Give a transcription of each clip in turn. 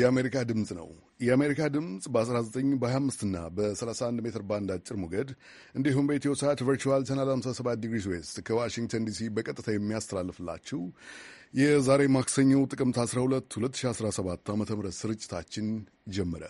የአሜሪካ ድምፅ ነው። የአሜሪካ ድምፅ በ19 በ25 እና በ31 ሜትር ባንድ አጭር ሞገድ እንዲሁም በኢትዮ ሰዓት ቨርቹዋል ቻናል 57 ዲግሪ ዌስት ከዋሽንግተን ዲሲ በቀጥታ የሚያስተላልፍላችሁ የዛሬ ማክሰኞ ጥቅምት 12 2017 ዓ ም ስርጭታችን ጀመረ።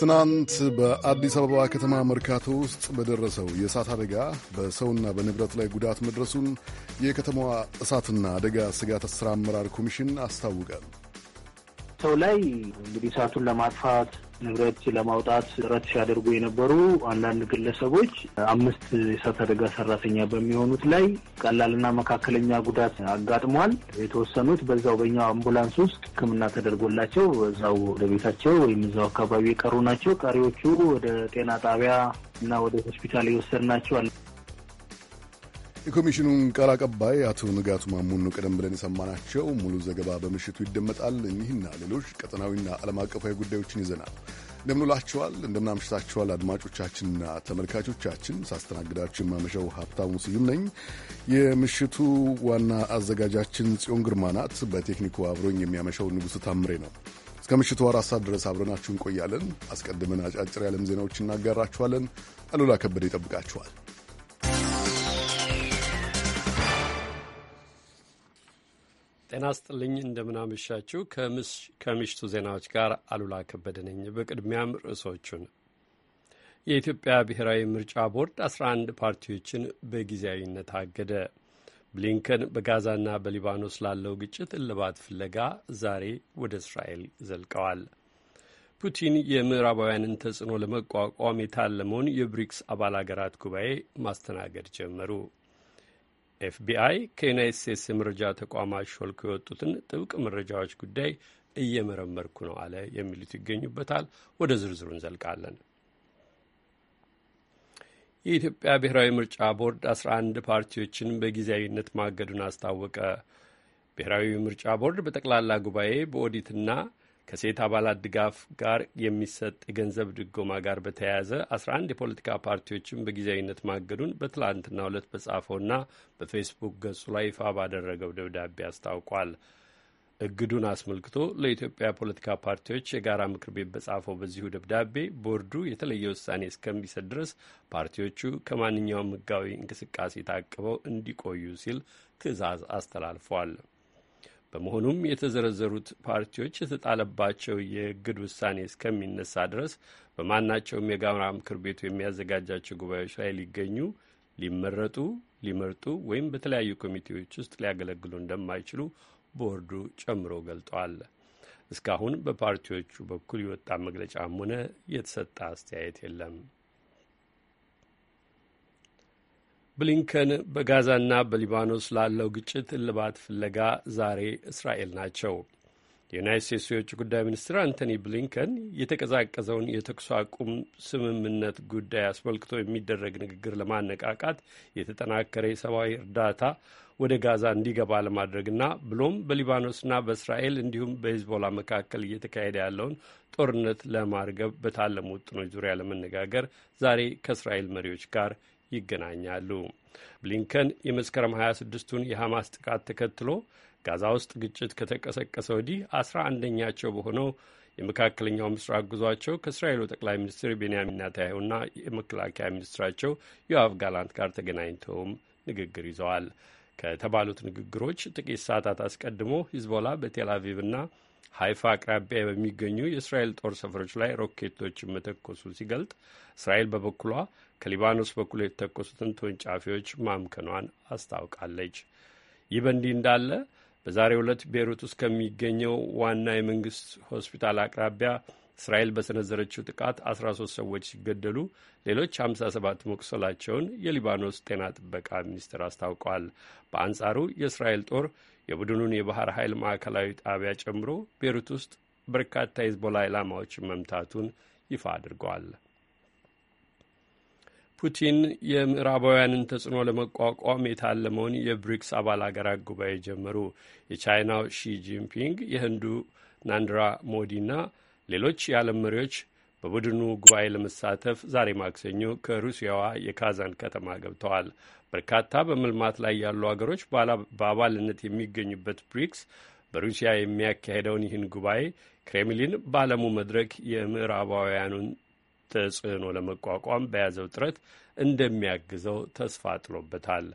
ትናንት በአዲስ አበባ ከተማ መርካቶ ውስጥ በደረሰው የእሳት አደጋ በሰውና በንብረት ላይ ጉዳት መድረሱን የከተማዋ እሳትና አደጋ ስጋት ስራ አመራር ኮሚሽን አስታውቃል። ሰው ላይ እንግዲህ እሳቱን ለማጥፋት ንብረት ለማውጣት ጥረት ሲያደርጉ የነበሩ አንዳንድ ግለሰቦች አምስት የእሳት አደጋ ሰራተኛ በሚሆኑት ላይ ቀላልና መካከለኛ ጉዳት አጋጥሟል። የተወሰኑት በዛው በኛው አምቡላንስ ውስጥ ሕክምና ተደርጎላቸው እዛው ወደ ቤታቸው ወይም እዛው አካባቢ የቀሩ ናቸው። ቀሪዎቹ ወደ ጤና ጣቢያ እና ወደ ሆስፒታል የወሰድናቸው የኮሚሽኑን ቃል አቀባይ አቶ ንጋቱ ማሙን ነው ቀደም ብለን የሰማናቸው። ሙሉ ዘገባ በምሽቱ ይደመጣል። እኒህና ሌሎች ቀጠናዊና ዓለም አቀፋዊ ጉዳዮችን ይዘናል። እንደምንላችኋል፣ እንደምናምሽታችኋል አድማጮቻችንና ተመልካቾቻችን። ሳስተናግዳችሁ የማመሻው ሀብታሙ ስዩም ነኝ። የምሽቱ ዋና አዘጋጃችን ጽዮን ግርማ ናት። በቴክኒኩ አብሮኝ የሚያመሻው ንጉሥ ታምሬ ነው። እስከ ምሽቱ አራት ሰዓት ድረስ አብረናችሁ እንቆያለን። አስቀድመን አጫጭር የዓለም ዜናዎች እናጋራችኋለን። አሉላ ከበደ ይጠብቃችኋል። ጤና ስጥልኝ እንደምናመሻችሁ። ከምሽቱ ዜናዎች ጋር አሉላ ከበደ ነኝ። በቅድሚያም ርዕሶቹን የኢትዮጵያ ብሔራዊ ምርጫ ቦርድ 11 ፓርቲዎችን በጊዜያዊነት አገደ። ብሊንከን በጋዛና በሊባኖስ ላለው ግጭት እልባት ፍለጋ ዛሬ ወደ እስራኤል ዘልቀዋል። ፑቲን የምዕራባውያንን ተጽዕኖ ለመቋቋም የታለመውን የብሪክስ አባል አገራት ጉባኤ ማስተናገድ ጀመሩ። ኤፍቢአይ ከዩናይት ስቴትስ የመረጃ ተቋማት ሾልኮ የወጡትን ጥብቅ መረጃዎች ጉዳይ እየመረመርኩ ነው አለ የሚሉት ይገኙበታል። ወደ ዝርዝሩ እንዘልቃለን። የኢትዮጵያ ብሔራዊ ምርጫ ቦርድ 11 ፓርቲዎችን በጊዜያዊነት ማገዱን አስታወቀ። ብሔራዊ ምርጫ ቦርድ በጠቅላላ ጉባኤ በኦዲትና ከሴት አባላት ድጋፍ ጋር የሚሰጥ የገንዘብ ድጎማ ጋር በተያያዘ 11 የፖለቲካ ፓርቲዎችን በጊዜያዊነት ማገዱን በትላንትናው ዕለት በጻፈውና በፌስቡክ ገጹ ላይ ይፋ ባደረገው ደብዳቤ አስታውቋል። እግዱን አስመልክቶ ለኢትዮጵያ ፖለቲካ ፓርቲዎች የጋራ ምክር ቤት በጻፈው በዚሁ ደብዳቤ ቦርዱ የተለየ ውሳኔ እስከሚሰጥ ድረስ ፓርቲዎቹ ከማንኛውም ሕጋዊ እንቅስቃሴ ታቅበው እንዲቆዩ ሲል ትዕዛዝ አስተላልፏል። በመሆኑም የተዘረዘሩት ፓርቲዎች የተጣለባቸው የእግድ ውሳኔ እስከሚነሳ ድረስ በማናቸውም የጋራ ምክር ቤቱ የሚያዘጋጃቸው ጉባኤዎች ላይ ሊገኙ፣ ሊመረጡ፣ ሊመርጡ ወይም በተለያዩ ኮሚቴዎች ውስጥ ሊያገለግሉ እንደማይችሉ ቦርዱ ጨምሮ ገልጠዋል። እስካሁን በፓርቲዎቹ በኩል የወጣ መግለጫም ሆነ የተሰጠ አስተያየት የለም። ብሊንከን በጋዛና በሊባኖስ ላለው ግጭት እልባት ፍለጋ ዛሬ እስራኤል ናቸው። የዩናይት ስቴትስ የውጭ ጉዳይ ሚኒስትር አንቶኒ ብሊንከን የተቀዛቀዘውን የተኩስ አቁም ስምምነት ጉዳይ አስመልክቶ የሚደረግ ንግግር ለማነቃቃት የተጠናከረ የሰብአዊ እርዳታ ወደ ጋዛ እንዲገባ ለማድረግና ብሎም በሊባኖስና በእስራኤል እንዲሁም በሂዝቦላ መካከል እየተካሄደ ያለውን ጦርነት ለማርገብ በታለሙ ውጥኖች ዙሪያ ለመነጋገር ዛሬ ከእስራኤል መሪዎች ጋር ይገናኛሉ። ብሊንከን የመስከረም 26ቱን የሐማስ ጥቃት ተከትሎ ጋዛ ውስጥ ግጭት ከተቀሰቀሰ ወዲህ አስራ አንደኛቸው በሆነው የመካከለኛው ምስራቅ ጉዟቸው ከእስራኤሉ ጠቅላይ ሚኒስትር ቤንያሚን ኔታንያሁና የመከላከያ ሚኒስትራቸው ዮአፍ ጋላንት ጋር ተገናኝተውም ንግግር ይዘዋል። ከተባሉት ንግግሮች ጥቂት ሰዓታት አስቀድሞ ሂዝቦላ በቴል አቪቭና ሀይፋ አቅራቢያ በሚገኙ የእስራኤል ጦር ሰፈሮች ላይ ሮኬቶችን መተኮሱ ሲገልጥ እስራኤል በበኩሏ ከሊባኖስ በኩል የተተኮሱትን ተወንጫፊዎች ማምከኗን አስታውቃለች። ይህ በእንዲህ እንዳለ በዛሬው ዕለት ቤይሩት ውስጥ ከሚገኘው ዋና የመንግስት ሆስፒታል አቅራቢያ እስራኤል በሰነዘረችው ጥቃት 13 ሰዎች ሲገደሉ ሌሎች 57 መቁሰላቸውን የሊባኖስ ጤና ጥበቃ ሚኒስቴር አስታውቀዋል። በአንጻሩ የእስራኤል ጦር የቡድኑን የባህር ኃይል ማዕከላዊ ጣቢያ ጨምሮ ቤሩት ውስጥ በርካታ የዝቦላ ኢላማዎችን መምታቱን ይፋ አድርገዋል። ፑቲን የምዕራባውያንን ተጽዕኖ ለመቋቋም የታለመውን የብሪክስ አባል አገራት ጉባኤ ጀመሩ። የቻይናው ሺ ጂንፒንግ፣ የህንዱ ናንድራ ሞዲና ሌሎች የዓለም መሪዎች በቡድኑ ጉባኤ ለመሳተፍ ዛሬ ማክሰኞ ከሩሲያዋ የካዛን ከተማ ገብተዋል። በርካታ በመልማት ላይ ያሉ አገሮች በአባልነት የሚገኙበት ብሪክስ በሩሲያ የሚያካሄደውን ይህን ጉባኤ ክሬምሊን በዓለሙ መድረክ የምዕራባውያኑን ተጽዕኖ ለመቋቋም በያዘው ጥረት እንደሚያግዘው ተስፋ ጥሎበታል።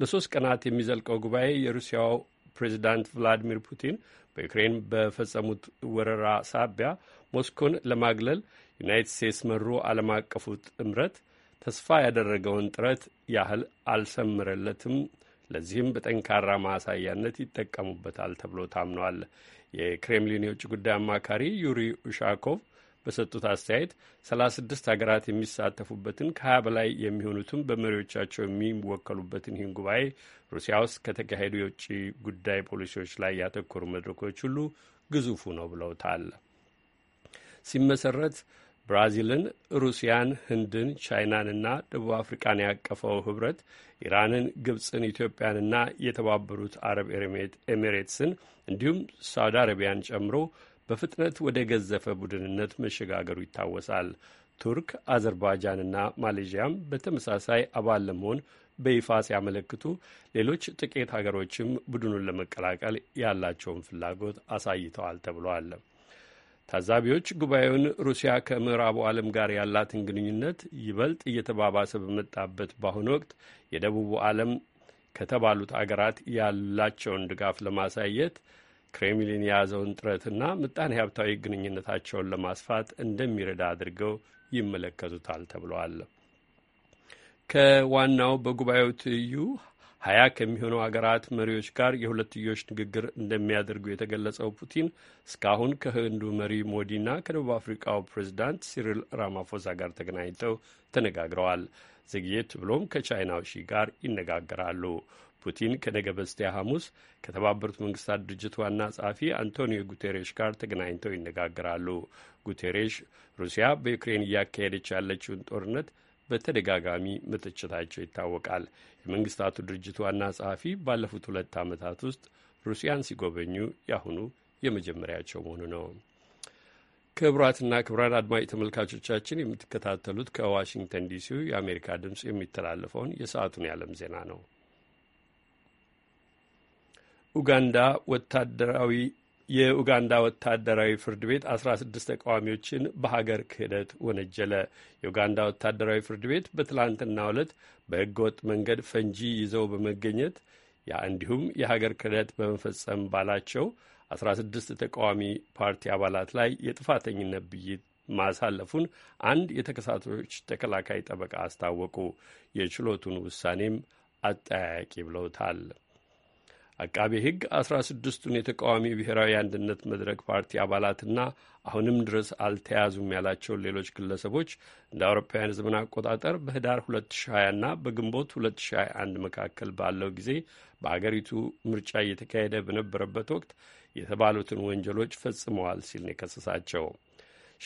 ለሶስት ቀናት የሚዘልቀው ጉባኤ የሩሲያው ፕሬዚዳንት ቭላዲሚር ፑቲን በዩክሬን በፈጸሙት ወረራ ሳቢያ ሞስኮን ለማግለል ዩናይትድ ስቴትስ መሩ ዓለም አቀፉ ጥምረት ተስፋ ያደረገውን ጥረት ያህል አልሰምረለትም። ለዚህም በጠንካራ ማሳያነት ይጠቀሙበታል ተብሎ ታምኗል። የክሬምሊን የውጭ ጉዳይ አማካሪ ዩሪ ኡሻኮቭ በሰጡት አስተያየት 36 ሀገራት የሚሳተፉበትን ከ20 በላይ የሚሆኑትም በመሪዎቻቸው የሚወከሉበትን ይህን ጉባኤ ሩሲያ ውስጥ ከተካሄዱ የውጭ ጉዳይ ፖሊሲዎች ላይ ያተኮሩ መድረኮች ሁሉ ግዙፉ ነው ብለውታል። ሲመሰረት ብራዚልን፣ ሩሲያን፣ ህንድን፣ ቻይናንና ደቡብ አፍሪቃን ያቀፈው ህብረት ኢራንን፣ ግብፅን፣ ኢትዮጵያንና የተባበሩት አረብ ኤሚሬትስን እንዲሁም ሳውዲ አረቢያን ጨምሮ በፍጥነት ወደ ገዘፈ ቡድንነት መሸጋገሩ ይታወሳል። ቱርክ፣ አዘርባጃንና ማሌዥያም በተመሳሳይ አባል ለመሆን በይፋ ሲያመለክቱ ሌሎች ጥቂት ሀገሮችም ቡድኑን ለመቀላቀል ያላቸውን ፍላጎት አሳይተዋል ተብሏል። ታዛቢዎች ጉባኤውን ሩሲያ ከምዕራቡ ዓለም ጋር ያላትን ግንኙነት ይበልጥ እየተባባሰ በመጣበት በአሁኑ ወቅት የደቡቡ ዓለም ከተባሉት አገራት ያላቸውን ድጋፍ ለማሳየት ክሬምሊን የያዘውን ጥረትና ምጣኔ ሀብታዊ ግንኙነታቸውን ለማስፋት እንደሚረዳ አድርገው ይመለከቱታል ተብለዋል። ከዋናው በጉባኤው ትይዩ ሀያ ከሚሆኑ ሀገራት መሪዎች ጋር የሁለትዮሽ ንግግር እንደሚያደርጉ የተገለጸው ፑቲን እስካሁን ከህንዱ መሪ ሞዲና ከደቡብ አፍሪካው ፕሬዚዳንት ሲሪል ራማፎሳ ጋር ተገናኝተው ተነጋግረዋል። ዘግየት ብሎም ከቻይናው ሺ ጋር ይነጋገራሉ። ፑቲን ከነገ በስቲያ ሐሙስ ከተባበሩት መንግስታት ድርጅት ዋና ጸሐፊ አንቶኒዮ ጉቴሬሽ ጋር ተገናኝተው ይነጋገራሉ። ጉቴሬሽ ሩሲያ በዩክሬን እያካሄደች ያለችውን ጦርነት በተደጋጋሚ መተቸታቸው ይታወቃል። የመንግስታቱ ድርጅት ዋና ጸሐፊ ባለፉት ሁለት ዓመታት ውስጥ ሩሲያን ሲጎበኙ ያሁኑ የመጀመሪያቸው መሆኑ ነው። ክቡራትና ክቡራን አድማጭ ተመልካቾቻችን የምትከታተሉት ከዋሽንግተን ዲሲው የአሜሪካ ድምፅ የሚተላለፈውን የሰዓቱን የዓለም ዜና ነው። ኡጋንዳ ወታደራዊ የኡጋንዳ ወታደራዊ ፍርድ ቤት 16 ተቃዋሚዎችን በሀገር ክህደት ወነጀለ። የኡጋንዳ ወታደራዊ ፍርድ ቤት በትላንትናው ዕለት በህገወጥ መንገድ ፈንጂ ይዘው በመገኘት እንዲሁም የሀገር ክህደት በመፈጸም ባላቸው 16 ተቃዋሚ ፓርቲ አባላት ላይ የጥፋተኝነት ብይን ማሳለፉን አንድ የተከሳቶች ተከላካይ ጠበቃ አስታወቁ። የችሎቱን ውሳኔም አጠያያቂ ብለውታል። አቃቤ ሕግ አስራ ስድስቱን የተቃዋሚ ብሔራዊ አንድነት መድረክ ፓርቲ አባላትና አሁንም ድረስ አልተያዙም ያላቸውን ሌሎች ግለሰቦች እንደ አውሮፓውያን ዘመን አቆጣጠር በህዳር 2020 እና በግንቦት 2021 መካከል ባለው ጊዜ በአገሪቱ ምርጫ እየተካሄደ በነበረበት ወቅት የተባሉትን ወንጀሎች ፈጽመዋል ሲል ነው የከሰሳቸው።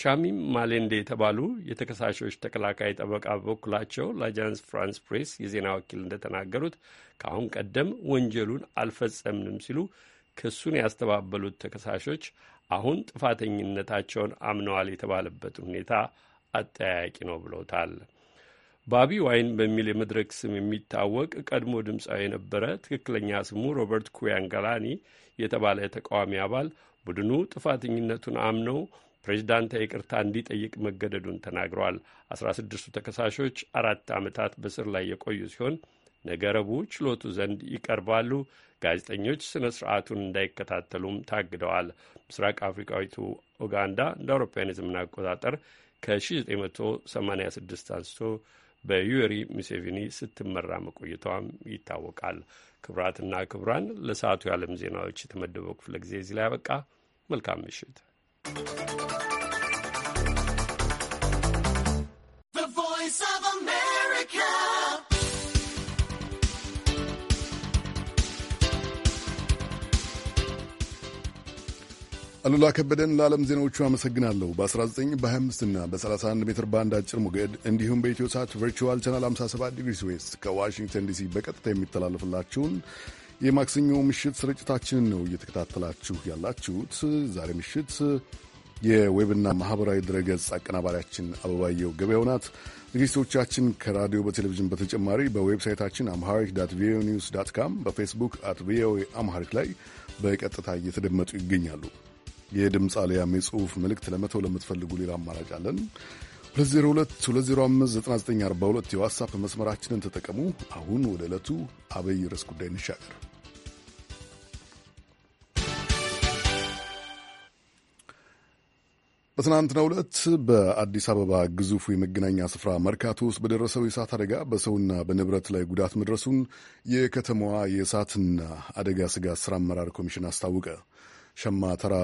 ሻሚም ማሌንዴ የተባሉ የተከሳሾች ተከላካይ ጠበቃ በበኩላቸው ለአጃንስ ፍራንስ ፕሬስ የዜና ወኪል እንደተናገሩት ከአሁን ቀደም ወንጀሉን አልፈጸምንም ሲሉ ክሱን ያስተባበሉት ተከሳሾች አሁን ጥፋተኝነታቸውን አምነዋል የተባለበት ሁኔታ አጠያያቂ ነው ብለውታል። ባቢ ዋይን በሚል የመድረክ ስም የሚታወቅ ቀድሞ ድምፃዊ የነበረ ትክክለኛ ስሙ ሮበርት ኩያንጋላኒ የተባለ ተቃዋሚ አባል ቡድኑ ጥፋተኝነቱን አምነው ፕሬዚዳንት ይቅርታ እንዲጠይቅ መገደዱን ተናግረዋል። አስራ ስድስቱ ተከሳሾች አራት ዓመታት በስር ላይ የቆዩ ሲሆን ነገ ረቡዕ ችሎቱ ዘንድ ይቀርባሉ። ጋዜጠኞች ስነ ስርዓቱን እንዳይከታተሉም ታግደዋል። ምስራቅ አፍሪካዊቱ ኡጋንዳ እንደ አውሮፓውያን የዘመን አቆጣጠር ከ1986 አንስቶ በዩዌሪ ሙሴቪኒ ስትመራ መቆየቷም ይታወቃል። ክቡራትና ክቡራን ለሰዓቱ የዓለም ዜናዎች የተመደበው ክፍለ ጊዜ እዚህ ላይ ያበቃ። መልካም ምሽት። አሉላ ከበደን ለዓለም ዜናዎቹ አመሰግናለሁ። በ19 በ25 እና በ31 ሜትር ባንድ አጭር ሞገድ እንዲሁም በኢትዮ ሳት ቨርቹዋል ቻናል 57 ዲግሪ ስዌስት ከዋሽንግተን ዲሲ በቀጥታ የሚተላለፍላችሁን የማክሰኞ ምሽት ስርጭታችንን ነው እየተከታተላችሁ ያላችሁት። ዛሬ ምሽት የዌብና ማህበራዊ ድረገጽ አቀናባሪያችን አበባየው ገበያው ናት። ዝግጅቶቻችን ከራዲዮ በቴሌቪዥን በተጨማሪ በዌብሳይታችን አምሃሪክ ዳት ቪኦኤ ኒውስ ዳት ካም፣ በፌስቡክ አት ቪኦኤ አምሃሪክ ላይ በቀጥታ እየተደመጡ ይገኛሉ። የድምፅ አሊያም የጽሁፍ መልእክት ለመተው ለምትፈልጉ ሌላ አማራጭ አለን። 2022059942 የዋትሳፕ መስመራችንን ተጠቀሙ። አሁን ወደ ዕለቱ አበይ ርዕስ ጉዳይ እንሻገር። በትናንትናው ዕለት በአዲስ አበባ ግዙፉ የመገናኛ ስፍራ መርካቶ ውስጥ በደረሰው የእሳት አደጋ በሰውና በንብረት ላይ ጉዳት መድረሱን የከተማዋ የእሳትና አደጋ ስጋት ስራ አመራር ኮሚሽን አስታወቀ። ሸማ ተራ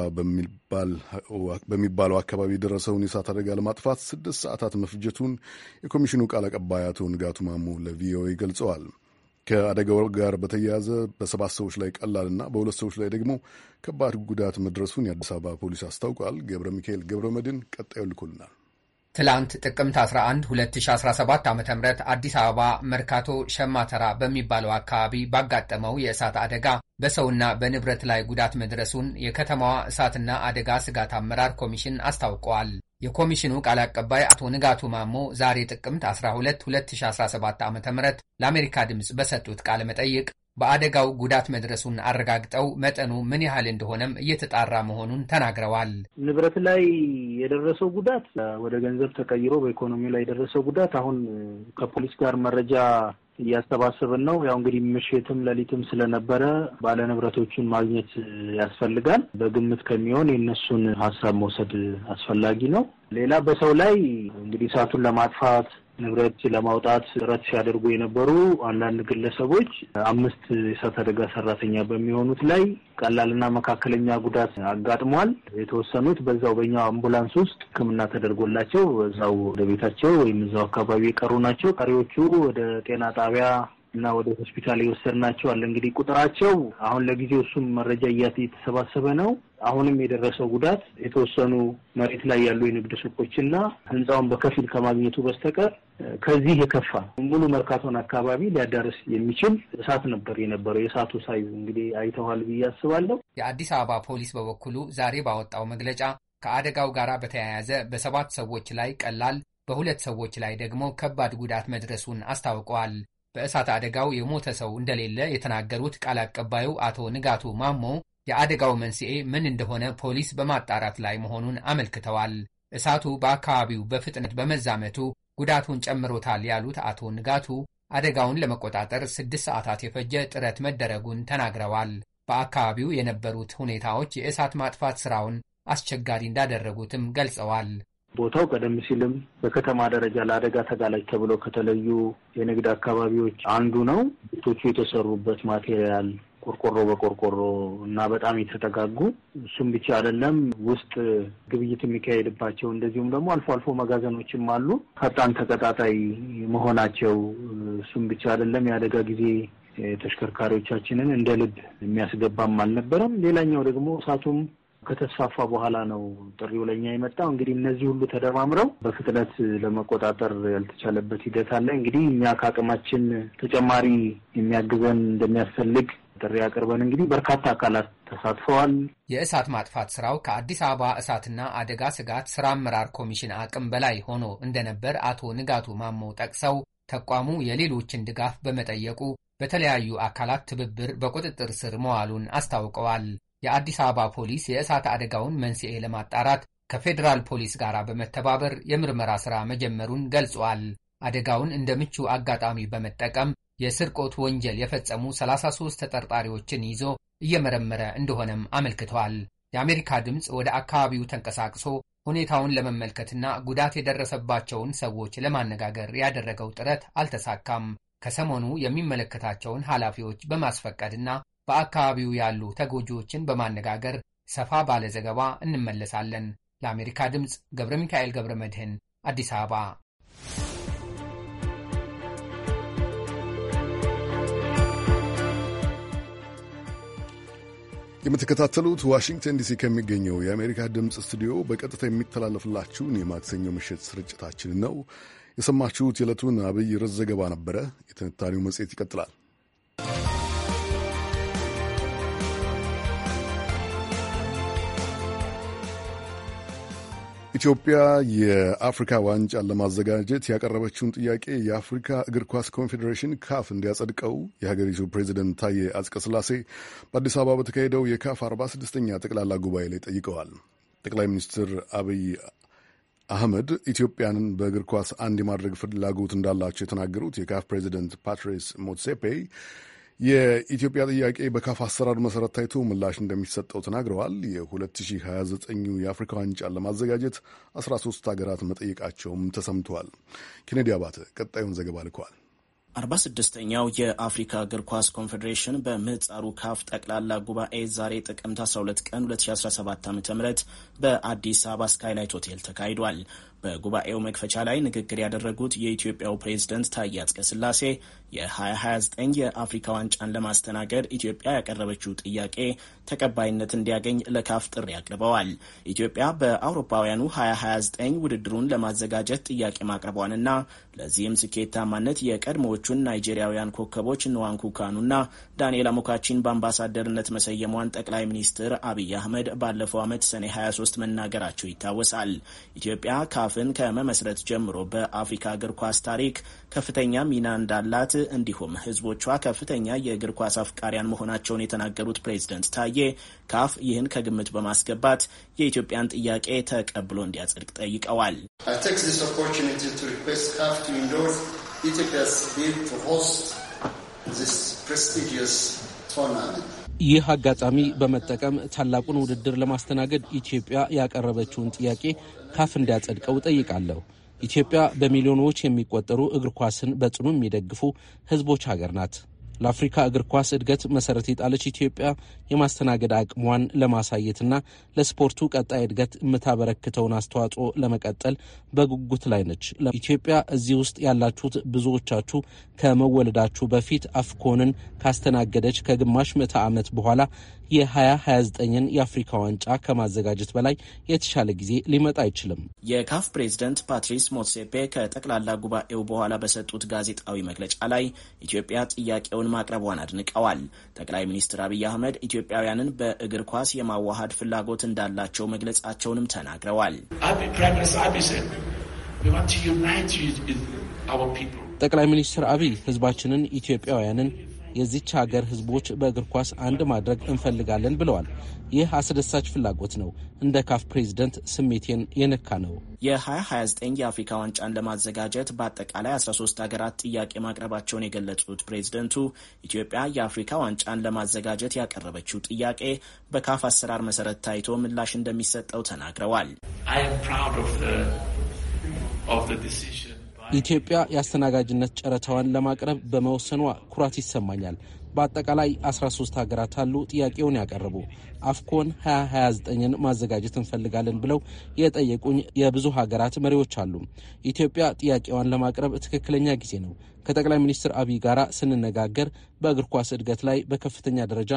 በሚባለው አካባቢ የደረሰውን የእሳት አደጋ ለማጥፋት ስድስት ሰዓታት መፍጀቱን የኮሚሽኑ ቃል አቀባይ አቶ ንጋቱ ማሞ ለቪኦኤ ገልጸዋል። ከአደጋው ጋር በተያያዘ በሰባት ሰዎች ላይ ቀላልና በሁለት ሰዎች ላይ ደግሞ ከባድ ጉዳት መድረሱን የአዲስ አበባ ፖሊስ አስታውቋል። ገብረ ሚካኤል ገብረ መድን ቀጣዩ ልኮልናል። ትላንት ጥቅምት 11 2017 ዓ ም አዲስ አበባ መርካቶ ሸማተራ በሚባለው አካባቢ ባጋጠመው የእሳት አደጋ በሰውና በንብረት ላይ ጉዳት መድረሱን የከተማዋ እሳትና አደጋ ስጋት አመራር ኮሚሽን አስታውቀዋል። የኮሚሽኑ ቃል አቀባይ አቶ ንጋቱ ማሞ ዛሬ ጥቅምት 12 2017 ዓ ም ለአሜሪካ ድምፅ በሰጡት ቃለ መጠይቅ በአደጋው ጉዳት መድረሱን አረጋግጠው መጠኑ ምን ያህል እንደሆነም እየተጣራ መሆኑን ተናግረዋል። ንብረት ላይ የደረሰው ጉዳት ወደ ገንዘብ ተቀይሮ በኢኮኖሚ ላይ የደረሰው ጉዳት አሁን ከፖሊስ ጋር መረጃ እያሰባሰብን ነው። ያው እንግዲህ ምሽትም ሌሊትም ስለነበረ ባለንብረቶቹን ማግኘት ያስፈልጋል። በግምት ከሚሆን የእነሱን ሀሳብ መውሰድ አስፈላጊ ነው። ሌላ በሰው ላይ እንግዲህ እሳቱን ለማጥፋት ንብረት ለማውጣት ጥረት ሲያደርጉ የነበሩ አንዳንድ ግለሰቦች አምስት የእሳት አደጋ ሰራተኛ በሚሆኑት ላይ ቀላልና መካከለኛ ጉዳት አጋጥሟል። የተወሰኑት በዛው በኛው አምቡላንስ ውስጥ ሕክምና ተደርጎላቸው እዛው ወደ ቤታቸው ወይም እዛው አካባቢ የቀሩ ናቸው። ቀሪዎቹ ወደ ጤና ጣቢያ እና ወደ ሆስፒታል የወሰድናቸው አለ። እንግዲህ ቁጥራቸው አሁን ለጊዜው እሱም መረጃ እየተሰባሰበ ነው። አሁንም የደረሰው ጉዳት የተወሰኑ መሬት ላይ ያሉ የንግድ ሱቆች እና ህንፃውን በከፊል ከማግኘቱ በስተቀር ከዚህ የከፋ ሙሉ መርካቶን አካባቢ ሊያዳርስ የሚችል እሳት ነበር የነበረው። የእሳቱ ሳይዝ እንግዲህ አይተዋል ብዬ አስባለሁ። የአዲስ አበባ ፖሊስ በበኩሉ ዛሬ ባወጣው መግለጫ ከአደጋው ጋር በተያያዘ በሰባት ሰዎች ላይ ቀላል በሁለት ሰዎች ላይ ደግሞ ከባድ ጉዳት መድረሱን አስታውቀዋል። በእሳት አደጋው የሞተ ሰው እንደሌለ የተናገሩት ቃል አቀባዩ አቶ ንጋቱ ማሞ የአደጋው መንስኤ ምን እንደሆነ ፖሊስ በማጣራት ላይ መሆኑን አመልክተዋል። እሳቱ በአካባቢው በፍጥነት በመዛመቱ ጉዳቱን ጨምሮታል ያሉት አቶ ንጋቱ አደጋውን ለመቆጣጠር ስድስት ሰዓታት የፈጀ ጥረት መደረጉን ተናግረዋል። በአካባቢው የነበሩት ሁኔታዎች የእሳት ማጥፋት ሥራውን አስቸጋሪ እንዳደረጉትም ገልጸዋል። ቦታው ቀደም ሲልም በከተማ ደረጃ ለአደጋ ተጋላጭ ተብሎ ከተለዩ የንግድ አካባቢዎች አንዱ ነው። ቤቶቹ የተሰሩበት ማቴሪያል ቆርቆሮ በቆርቆሮ እና በጣም የተጠጋጉ እሱም ብቻ አይደለም፣ ውስጥ ግብይት የሚካሄድባቸው እንደዚሁም ደግሞ አልፎ አልፎ መጋዘኖችም አሉ። ፈጣን ተቀጣጣይ መሆናቸው እሱም ብቻ አይደለም፣ የአደጋ ጊዜ ተሽከርካሪዎቻችንን እንደ ልብ የሚያስገባም አልነበረም። ሌላኛው ደግሞ እሳቱም ከተስፋፋ በኋላ ነው ጥሪው ለኛ የመጣው። እንግዲህ እነዚህ ሁሉ ተደማምረው በፍጥነት ለመቆጣጠር ያልተቻለበት ሂደት አለ። እንግዲህ እኛ ከአቅማችን ተጨማሪ የሚያግዘን እንደሚያስፈልግ ጥሪ አቅርበን እንግዲህ በርካታ አካላት ተሳትፈዋል። የእሳት ማጥፋት ስራው ከአዲስ አበባ እሳትና አደጋ ስጋት ስራ አመራር ኮሚሽን አቅም በላይ ሆኖ እንደነበር አቶ ንጋቱ ማሞ ጠቅሰው ተቋሙ የሌሎችን ድጋፍ በመጠየቁ በተለያዩ አካላት ትብብር በቁጥጥር ስር መዋሉን አስታውቀዋል። የአዲስ አበባ ፖሊስ የእሳት አደጋውን መንስኤ ለማጣራት ከፌዴራል ፖሊስ ጋር በመተባበር የምርመራ ሥራ መጀመሩን ገልጿል። አደጋውን እንደ ምቹ አጋጣሚ በመጠቀም የስርቆት ወንጀል የፈጸሙ 33 ተጠርጣሪዎችን ይዞ እየመረመረ እንደሆነም አመልክቷል። የአሜሪካ ድምፅ ወደ አካባቢው ተንቀሳቅሶ ሁኔታውን ለመመልከትና ጉዳት የደረሰባቸውን ሰዎች ለማነጋገር ያደረገው ጥረት አልተሳካም። ከሰሞኑ የሚመለከታቸውን ኃላፊዎች በማስፈቀድና በአካባቢው ያሉ ተጎጂዎችን በማነጋገር ሰፋ ባለ ዘገባ እንመለሳለን። ለአሜሪካ ድምፅ ገብረ ሚካኤል ገብረ መድህን አዲስ አበባ። የምትከታተሉት ዋሽንግተን ዲሲ ከሚገኘው የአሜሪካ ድምፅ ስቱዲዮ በቀጥታ የሚተላለፍላችሁን የማክሰኞ ምሽት ስርጭታችንን ነው። የሰማችሁት የዕለቱን አብይ ርዕስ ዘገባ ነበረ። የትንታኔው መጽሔት ይቀጥላል። ኢትዮጵያ የአፍሪካ ዋንጫን ለማዘጋጀት ያቀረበችውን ጥያቄ የአፍሪካ እግር ኳስ ኮንፌዴሬሽን ካፍ እንዲያጸድቀው የሀገሪቱ ፕሬዚደንት ታዬ አጽቀሥላሴ በአዲስ አበባ በተካሄደው የካፍ 46ኛ ጠቅላላ ጉባኤ ላይ ጠይቀዋል። ጠቅላይ ሚኒስትር አብይ አህመድ ኢትዮጵያንን በእግር ኳስ አንድ የማድረግ ፍላጎት እንዳላቸው የተናገሩት የካፍ ፕሬዚደንት ፓትሪስ ሞትሴፔ የኢትዮጵያ ጥያቄ በካፍ አሰራር መሰረት ታይቶ ምላሽ እንደሚሰጠው ተናግረዋል። የ2029 የአፍሪካ ዋንጫን ለማዘጋጀት 13 ሀገራት መጠየቃቸውም ተሰምተዋል። ኬኔዲ አባተ ቀጣዩን ዘገባ ልከዋል። 46ኛው የአፍሪካ እግር ኳስ ኮንፌዴሬሽን በምህጻሩ ካፍ ጠቅላላ ጉባኤ ዛሬ ጥቅምት 12 ቀን 2017 ዓ ም በአዲስ አበባ ስካይላይት ሆቴል ተካሂዷል። በጉባኤው መክፈቻ ላይ ንግግር ያደረጉት የኢትዮጵያው ፕሬዝደንት ታዬ ስላሴ። የ2029 የአፍሪካ ዋንጫን ለማስተናገድ ኢትዮጵያ ያቀረበችው ጥያቄ ተቀባይነት እንዲያገኝ ለካፍ ጥሪ አቅርበዋል። ኢትዮጵያ በአውሮፓውያኑ 2029 ውድድሩን ለማዘጋጀት ጥያቄ ማቅረቧንና ለዚህም ስኬታማነት የቀድሞዎቹን ናይጄሪያውያን ኮከቦች ንዋንኩ ካኑና ዳንኤል አሞካቺን በአምባሳደርነት መሰየሟን ጠቅላይ ሚኒስትር አብይ አህመድ ባለፈው ዓመት ሰኔ 23 መናገራቸው ይታወሳል። ኢትዮጵያ ካፍን ከመመስረት ጀምሮ በአፍሪካ እግር ኳስ ታሪክ ከፍተኛ ሚና እንዳላት እንዲሁም ህዝቦቿ ከፍተኛ የእግር ኳስ አፍቃሪያን መሆናቸውን የተናገሩት ፕሬዝደንት ታዬ ካፍ ይህን ከግምት በማስገባት የኢትዮጵያን ጥያቄ ተቀብሎ እንዲያጸድቅ ጠይቀዋል። ይህ አጋጣሚ በመጠቀም ታላቁን ውድድር ለማስተናገድ ኢትዮጵያ ያቀረበችውን ጥያቄ ካፍ እንዲያጸድቀው ጠይቃለሁ። ኢትዮጵያ በሚሊዮኖች የሚቆጠሩ እግር ኳስን በጽኑ የሚደግፉ ህዝቦች ሀገር ናት። ለአፍሪካ እግር ኳስ እድገት መሰረት የጣለች ኢትዮጵያ የማስተናገድ አቅሟን ለማሳየትና ለስፖርቱ ቀጣይ እድገት የምታበረክተውን አስተዋጽኦ ለመቀጠል በጉጉት ላይ ነች። ኢትዮጵያ እዚህ ውስጥ ያላችሁት ብዙዎቻችሁ ከመወለዳችሁ በፊት አፍኮንን ካስተናገደች ከግማሽ ምዕተ ዓመት በኋላ የ2029ን የአፍሪካ ዋንጫ ከማዘጋጀት በላይ የተሻለ ጊዜ ሊመጣ አይችልም። የካፍ ፕሬዝደንት ፓትሪስ ሞትሴፔ ከጠቅላላ ጉባኤው በኋላ በሰጡት ጋዜጣዊ መግለጫ ላይ ኢትዮጵያ ጥያቄውን ማቅረቧን አድንቀዋል። ጠቅላይ ሚኒስትር አብይ አህመድ ኢትዮጵያውያንን በእግር ኳስ የማዋሃድ ፍላጎት እንዳላቸው መግለጻቸውንም ተናግረዋል። ጠቅላይ ሚኒስትር አብይ ህዝባችንን ኢትዮጵያውያንን የዚች ሀገር ህዝቦች በእግር ኳስ አንድ ማድረግ እንፈልጋለን ብለዋል። ይህ አስደሳች ፍላጎት ነው። እንደ ካፍ ፕሬዚደንት ስሜቴን የነካ ነው። የ2029 የአፍሪካ ዋንጫን ለማዘጋጀት በአጠቃላይ 13 ሀገራት ጥያቄ ማቅረባቸውን የገለጹት ፕሬዚደንቱ ኢትዮጵያ የአፍሪካ ዋንጫን ለማዘጋጀት ያቀረበችው ጥያቄ በካፍ አሰራር መሰረት ታይቶ ምላሽ እንደሚሰጠው ተናግረዋል። ኢትዮጵያ የአስተናጋጅነት ጨረታዋን ለማቅረብ በመወሰኗ ኩራት ይሰማኛል። በአጠቃላይ 13 ሀገራት አሉ ጥያቄውን ያቀረቡ። አፍኮን 2029ን ማዘጋጀት እንፈልጋለን ብለው የጠየቁኝ የብዙ ሀገራት መሪዎች አሉ። ኢትዮጵያ ጥያቄዋን ለማቅረብ ትክክለኛ ጊዜ ነው። ከጠቅላይ ሚኒስትር አብይ ጋር ስንነጋገር በእግር ኳስ እድገት ላይ በከፍተኛ ደረጃ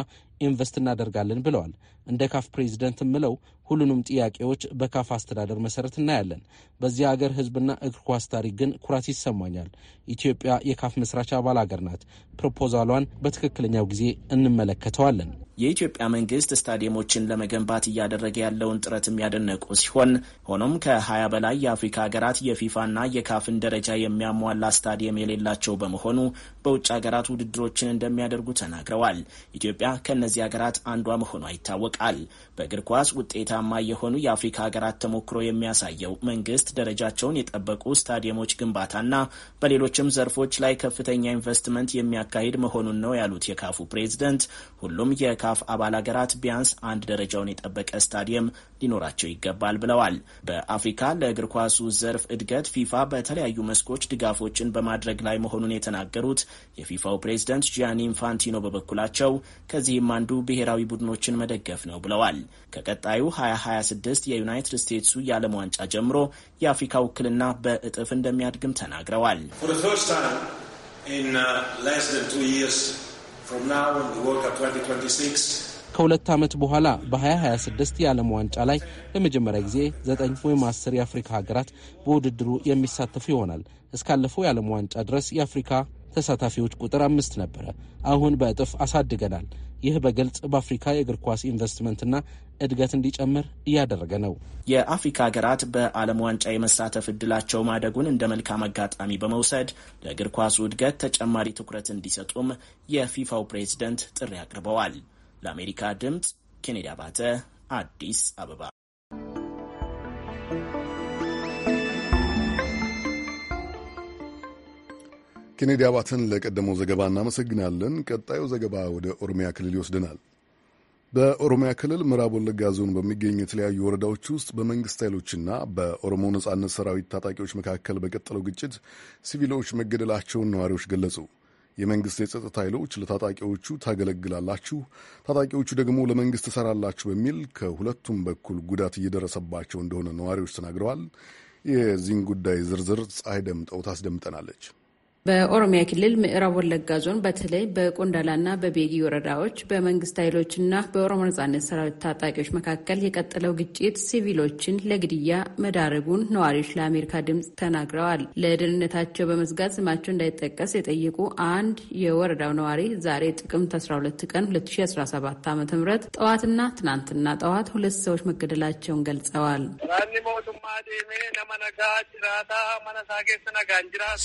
ኢንቨስት እናደርጋለን ብለዋል። እንደ ካፍ ፕሬዚደንት ምለው ሁሉንም ጥያቄዎች በካፍ አስተዳደር መሰረት እናያለን። በዚህ ሀገር ህዝብና እግር ኳስ ታሪክ ግን ኩራት ይሰማኛል። ኢትዮጵያ የካፍ መስራች አባል ሀገር ናት። ፕሮፖዛሏን በትክክለኛው ጊዜ እንመለከተዋለን። የኢትዮጵያ መንግስት ስታዲየሞችን ለመገንባት እያደረገ ያለውን ጥረት የሚያደነቁ ሲሆን ሆኖም ከ20 በላይ የአፍሪካ ሀገራት የፊፋና የካፍን ደረጃ የሚያሟላ ስታዲየም የሌላቸው በመሆኑ በውጭ ሀገራት ውድድሮችን እንደሚያደርጉ ተናግረዋል። ኢትዮጵያ ከእነዚህ ሀገራት አንዷ መሆኗ ይታወቃል። በእግር ኳስ ውጤታ ውጤታማ የሆኑ የአፍሪካ ሀገራት ተሞክሮ የሚያሳየው መንግስት ደረጃቸውን የጠበቁ ስታዲየሞች ግንባታና በሌሎችም ዘርፎች ላይ ከፍተኛ ኢንቨስትመንት የሚያካሂድ መሆኑን ነው ያሉት የካፉ ፕሬዝደንት፣ ሁሉም የካፍ አባል ሀገራት ቢያንስ አንድ ደረጃውን የጠበቀ ስታዲየም ሊኖራቸው ይገባል ብለዋል። በአፍሪካ ለእግር ኳሱ ዘርፍ እድገት ፊፋ በተለያዩ መስኮች ድጋፎችን በማድረግ ላይ መሆኑን የተናገሩት የፊፋው ፕሬዝደንት ጂያኒ ኢንፋንቲኖ በበኩላቸው ከዚህም አንዱ ብሔራዊ ቡድኖችን መደገፍ ነው ብለዋል። ከቀጣዩ 2026 የዩናይትድ ስቴትሱ የዓለም ዋንጫ ጀምሮ የአፍሪካ ውክልና በእጥፍ እንደሚያድግም ተናግረዋል። in, uh, less than two years from now, in the World Cup 2026, ከሁለት ዓመት በኋላ በ2026 የዓለም ዋንጫ ላይ ለመጀመሪያ ጊዜ ዘጠኝ ወይም አስር የአፍሪካ ሀገራት በውድድሩ የሚሳተፉ ይሆናል። እስካለፈው የዓለም ዋንጫ ድረስ የአፍሪካ ተሳታፊዎች ቁጥር አምስት ነበረ። አሁን በእጥፍ አሳድገናል። ይህ በግልጽ በአፍሪካ የእግር ኳስ ኢንቨስትመንትና እድገት እንዲጨምር እያደረገ ነው። የአፍሪካ ሀገራት በዓለም ዋንጫ የመሳተፍ እድላቸው ማደጉን እንደ መልካም አጋጣሚ በመውሰድ ለእግር ኳሱ እድገት ተጨማሪ ትኩረት እንዲሰጡም የፊፋው ፕሬዚደንት ጥሪ አቅርበዋል። ለአሜሪካ ድምፅ ኬኔዲ አባተ አዲስ አበባ። ኬኔዲ አባተን ለቀደመው ዘገባ እናመሰግናለን። ቀጣዩ ዘገባ ወደ ኦሮሚያ ክልል ይወስደናል። በኦሮሚያ ክልል ምዕራብ ወለጋ ዞን በሚገኙ የተለያዩ ወረዳዎች ውስጥ በመንግስት ኃይሎችና በኦሮሞ ነጻነት ሰራዊት ታጣቂዎች መካከል በቀጠለው ግጭት ሲቪሎች መገደላቸውን ነዋሪዎች ገለጹ። የመንግስት የጸጥታ ኃይሎች ለታጣቂዎቹ ታገለግላላችሁ፣ ታጣቂዎቹ ደግሞ ለመንግስት ትሰራላችሁ በሚል ከሁለቱም በኩል ጉዳት እየደረሰባቸው እንደሆነ ነዋሪዎች ተናግረዋል። የዚህን ጉዳይ ዝርዝር ፀሐይ ደምጠው ታስደምጠናለች። በኦሮሚያ ክልል ምዕራብ ወለጋ ዞን በተለይ በቆንዳላና በቤጊ ወረዳዎች በመንግስት ኃይሎችና በኦሮሞ ነጻነት ሰራዊት ታጣቂዎች መካከል የቀጠለው ግጭት ሲቪሎችን ለግድያ መዳረጉን ነዋሪዎች ለአሜሪካ ድምፅ ተናግረዋል። ለደህንነታቸው በመዝጋት ስማቸው እንዳይጠቀስ የጠየቁ አንድ የወረዳው ነዋሪ ዛሬ ጥቅምት 12 ቀን 2017 ዓ ም ጠዋትና ትናንትና ጠዋት ሁለት ሰዎች መገደላቸውን ገልጸዋል።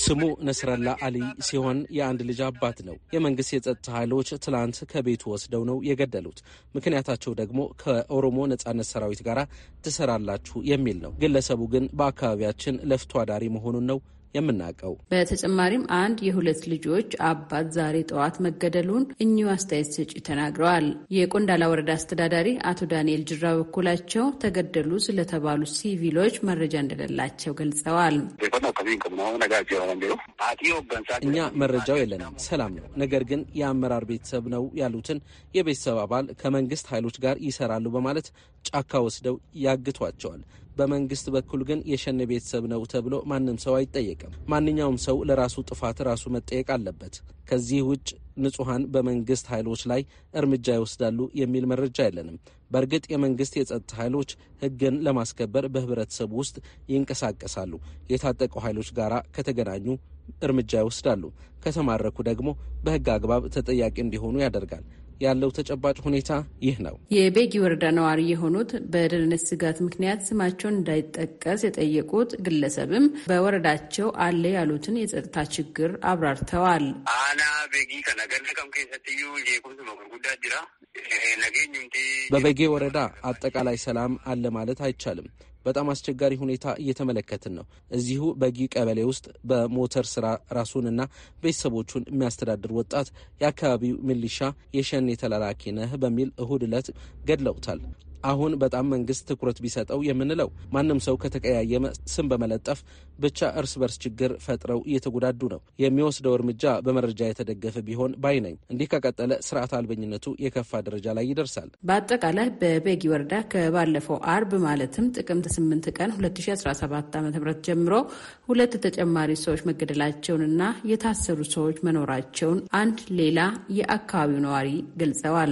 ስሙ ነስረላ አሊ ሲሆን የአንድ ልጅ አባት ነው። የመንግስት የጸጥታ ኃይሎች ትላንት ከቤቱ ወስደው ነው የገደሉት። ምክንያታቸው ደግሞ ከኦሮሞ ነጻነት ሰራዊት ጋር ትሰራላችሁ የሚል ነው። ግለሰቡ ግን በአካባቢያችን ለፍቶ አዳሪ መሆኑን ነው የምናውቀው። በተጨማሪም አንድ የሁለት ልጆች አባት ዛሬ ጠዋት መገደሉን እኚሁ አስተያየት ሰጪ ተናግረዋል። የቆንዳላ ወረዳ አስተዳዳሪ አቶ ዳንኤል ጅራ በኩላቸው ተገደሉ ስለተባሉ ሲቪሎች መረጃ እንደሌላቸው ገልጸዋል። እኛ መረጃው የለንም፣ ሰላም ነው። ነገር ግን የአመራር ቤተሰብ ነው ያሉትን የቤተሰብ አባል ከመንግስት ኃይሎች ጋር ይሰራሉ በማለት ጫካ ወስደው ያግቷቸዋል። በመንግስት በኩል ግን የሸኔ ቤተሰብ ነው ተብሎ ማንም ሰው አይጠየቅም። ማንኛውም ሰው ለራሱ ጥፋት ራሱ መጠየቅ አለበት። ከዚህ ውጭ ንጹሐን በመንግስት ኃይሎች ላይ እርምጃ ይወስዳሉ የሚል መረጃ የለንም። በእርግጥ የመንግስት የጸጥታ ኃይሎች ህግን ለማስከበር በህብረተሰቡ ውስጥ ይንቀሳቀሳሉ። የታጠቁ ኃይሎች ጋር ከተገናኙ እርምጃ ይወስዳሉ፣ ከተማረኩ ደግሞ በህግ አግባብ ተጠያቂ እንዲሆኑ ያደርጋል። ያለው ተጨባጭ ሁኔታ ይህ ነው። የቤጊ ወረዳ ነዋሪ የሆኑት በደህንነት ስጋት ምክንያት ስማቸውን እንዳይጠቀስ የጠየቁት ግለሰብም በወረዳቸው አለ ያሉትን የጸጥታ ችግር አብራርተዋል። በበጌ ወረዳ አጠቃላይ ሰላም አለ ማለት አይቻልም። በጣም አስቸጋሪ ሁኔታ እየተመለከትን ነው። እዚሁ በጊ ቀበሌ ውስጥ በሞተር ስራ ራሱንና ቤተሰቦቹን የሚያስተዳድር ወጣት የአካባቢው ሚሊሻ የሸኔ ተላላኪ ነህ በሚል እሁድ ዕለት ገድለውታል። አሁን በጣም መንግስት ትኩረት ቢሰጠው የምንለው ማንም ሰው ከተቀያየመ ስም በመለጠፍ ብቻ እርስ በርስ ችግር ፈጥረው እየተጎዳዱ ነው። የሚወስደው እርምጃ በመረጃ የተደገፈ ቢሆን ባይ ነኝ። እንዲህ ከቀጠለ ስርዓት አልበኝነቱ የከፋ ደረጃ ላይ ይደርሳል። በአጠቃላይ በቤጊ ወረዳ ከባለፈው አርብ ማለትም ጥቅምት 8 ቀን 2017 ም ጀምሮ ሁለት ተጨማሪ ሰዎች መገደላቸውንና የታሰሩ ሰዎች መኖራቸውን አንድ ሌላ የአካባቢው ነዋሪ ገልጸዋል።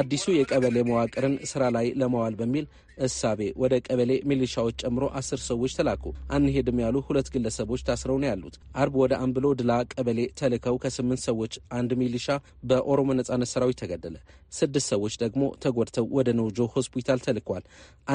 አዲሱ የቀበሌ መዋቅርን ስራ ላይ ለማዋል በሚል እሳቤ ወደ ቀበሌ ሚሊሻዎች ጨምሮ አስር ሰዎች ተላኩ። አንሄድም ያሉ ሁለት ግለሰቦች ታስረው ነው ያሉት። አርብ ወደ አምብሎ ድላ ቀበሌ ተልከው ከስምንት ሰዎች አንድ ሚሊሻ በኦሮሞ ነጻነት ሰራዊት ተገደለ። ስድስት ሰዎች ደግሞ ተጎድተው ወደ ኖጆ ሆስፒታል ተልኳል።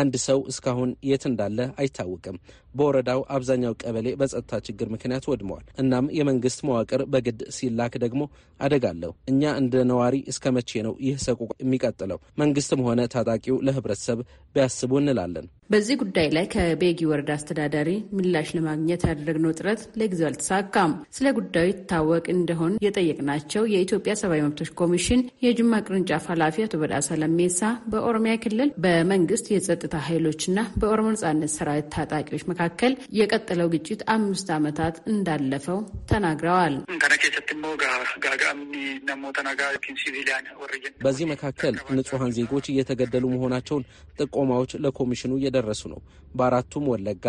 አንድ ሰው እስካሁን የት እንዳለ አይታወቅም። በወረዳው አብዛኛው ቀበሌ በጸጥታ ችግር ምክንያት ወድመዋል። እናም የመንግስት መዋቅር በግድ ሲላክ ደግሞ አደጋለሁ እኛ እንደ ነዋሪ እስከ መቼ ነው ይህ ሰቆቃ የሚቀጥለው? መንግስትም ሆነ ታጣቂው ለህብረተሰብ ቢያ አያስቡ እንላለን። በዚህ ጉዳይ ላይ ከቤጊ ወረዳ አስተዳዳሪ ምላሽ ለማግኘት ያደረግነው ጥረት ለጊዜው አልተሳካም። ስለ ጉዳዩ ይታወቅ እንደሆን የጠየቅናቸው የኢትዮጵያ ሰብአዊ መብቶች ኮሚሽን የጅማ ቅርንጫፍ ኃላፊ አቶ በዳሳ ለሜሳ በኦሮሚያ ክልል በመንግስት የጸጥታ ኃይሎችና በኦሮሞ ነጻነት ሰራዊት ታጣቂዎች መካከል የቀጠለው ግጭት አምስት ዓመታት እንዳለፈው ተናግረዋል። በዚህ መካከል ንጹሐን ዜጎች እየተገደሉ መሆናቸውን ጥቆማው መረጃዎች ለኮሚሽኑ እየደረሱ ነው። በአራቱም ወለጋ፣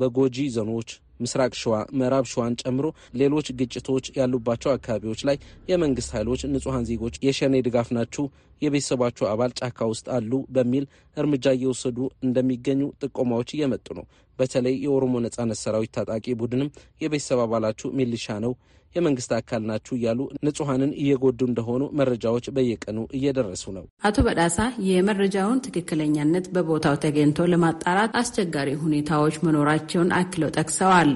በጎጂ ዞኖች ምስራቅ ሸዋ፣ ምዕራብ ሸዋን ጨምሮ ሌሎች ግጭቶች ያሉባቸው አካባቢዎች ላይ የመንግስት ኃይሎች ንጹሐን ዜጎች የሸኔ ድጋፍ ናችሁ፣ የቤተሰባቸው አባል ጫካ ውስጥ አሉ በሚል እርምጃ እየወሰዱ እንደሚገኙ ጥቆማዎች እየመጡ ነው። በተለይ የኦሮሞ ነጻነት ሰራዊት ታጣቂ ቡድንም የቤተሰብ አባላችሁ ሚሊሻ ነው የመንግስት አካል ናችሁ እያሉ ንጹሐንን እየጎዱ እንደሆኑ መረጃዎች በየቀኑ እየደረሱ ነው። አቶ በዳሳ የመረጃውን ትክክለኛነት በቦታው ተገኝቶ ለማጣራት አስቸጋሪ ሁኔታዎች መኖራቸውን አክለው ጠቅሰዋል።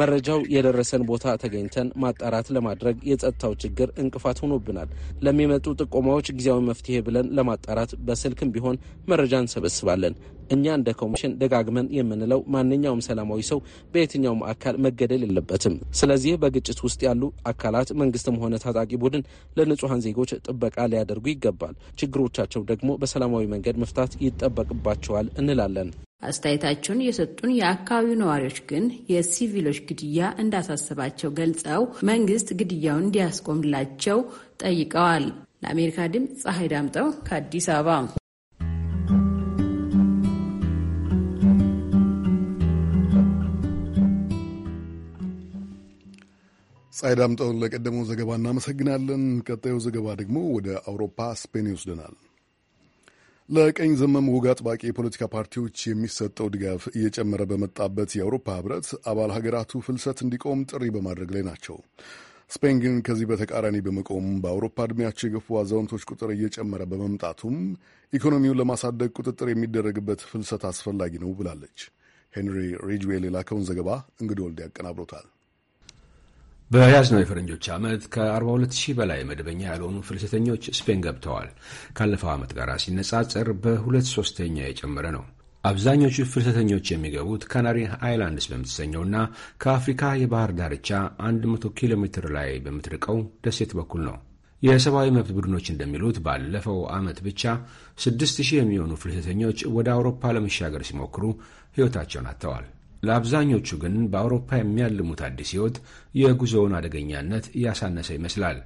መረጃው የደረሰን ቦታ ተገኝተን ማጣራት ለማድረግ የጸጥታው ችግር እንቅፋት ሆኖብናል። ለሚመጡ ጥቆማዎች ጊዜያዊ መፍትሄ ብለን ለማጣራት በስልክም ቢሆን መረጃ እንሰበስባለን። እኛ እንደ ኮሚሽን ደጋግመን የምንለው ማንኛውም ሰላማዊ ሰው በየትኛውም አካል መገደል የለበትም። ስለዚህ በግጭት ውስጥ ያሉ አካላት መንግስትም ሆነ ታጣቂ ቡድን ለንጹሐን ዜጎች ጥበቃ ሊያደርጉ ይገባል። ችግሮቻቸው ደግሞ በሰላማዊ መንገድ መፍታት ይጠበቅባቸዋል እንላለን። አስተያየታቸውን የሰጡን የአካባቢው ነዋሪዎች ግን የሲቪሎች ግድያ እንዳሳሰባቸው ገልጸው መንግስት ግድያውን እንዲያስቆምላቸው ጠይቀዋል። ለአሜሪካ ድምፅ ፀሐይ ዳምጠው ከአዲስ አበባ ፀሐይ ዳምጠውን ለቀደመው ዘገባ እናመሰግናለን። ቀጣዩ ዘገባ ደግሞ ወደ አውሮፓ ስፔን ይወስደናል። ለቀኝ ዘመም ወግ አጥባቂ የፖለቲካ ፓርቲዎች የሚሰጠው ድጋፍ እየጨመረ በመጣበት የአውሮፓ ህብረት አባል ሀገራቱ ፍልሰት እንዲቆም ጥሪ በማድረግ ላይ ናቸው። ስፔን ግን ከዚህ በተቃራኒ በመቆም በአውሮፓ ዕድሜያቸው የገፉ አዛውንቶች ቁጥር እየጨመረ በመምጣቱም ኢኮኖሚውን ለማሳደግ ቁጥጥር የሚደረግበት ፍልሰት አስፈላጊ ነው ብላለች። ሄንሪ ሪጅዌል የላከውን ዘገባ እንግዶ ወልድ ያቀናብሮታል። በያዝነው የፈረንጆች ዓመት ከ42000 በላይ መደበኛ ያልሆኑ ፍልሰተኞች ስፔን ገብተዋል። ካለፈው ዓመት ጋር ሲነጻጸር በሁለት ሶስተኛ የጨመረ ነው። አብዛኞቹ ፍልሰተኞች የሚገቡት ካናሪ አይላንድስ በምትሰኘውና ከአፍሪካ የባህር ዳርቻ 100 ኪሎ ሜትር ላይ በምትርቀው ደሴት በኩል ነው። የሰብአዊ መብት ቡድኖች እንደሚሉት ባለፈው ዓመት ብቻ 6000 የሚሆኑ ፍልሰተኞች ወደ አውሮፓ ለመሻገር ሲሞክሩ ሕይወታቸውን አጥተዋል። ለአብዛኞቹ ግን በአውሮፓ የሚያልሙት አዲስ ህይወት የጉዞውን አደገኛነት እያሳነሰ ይመስላል።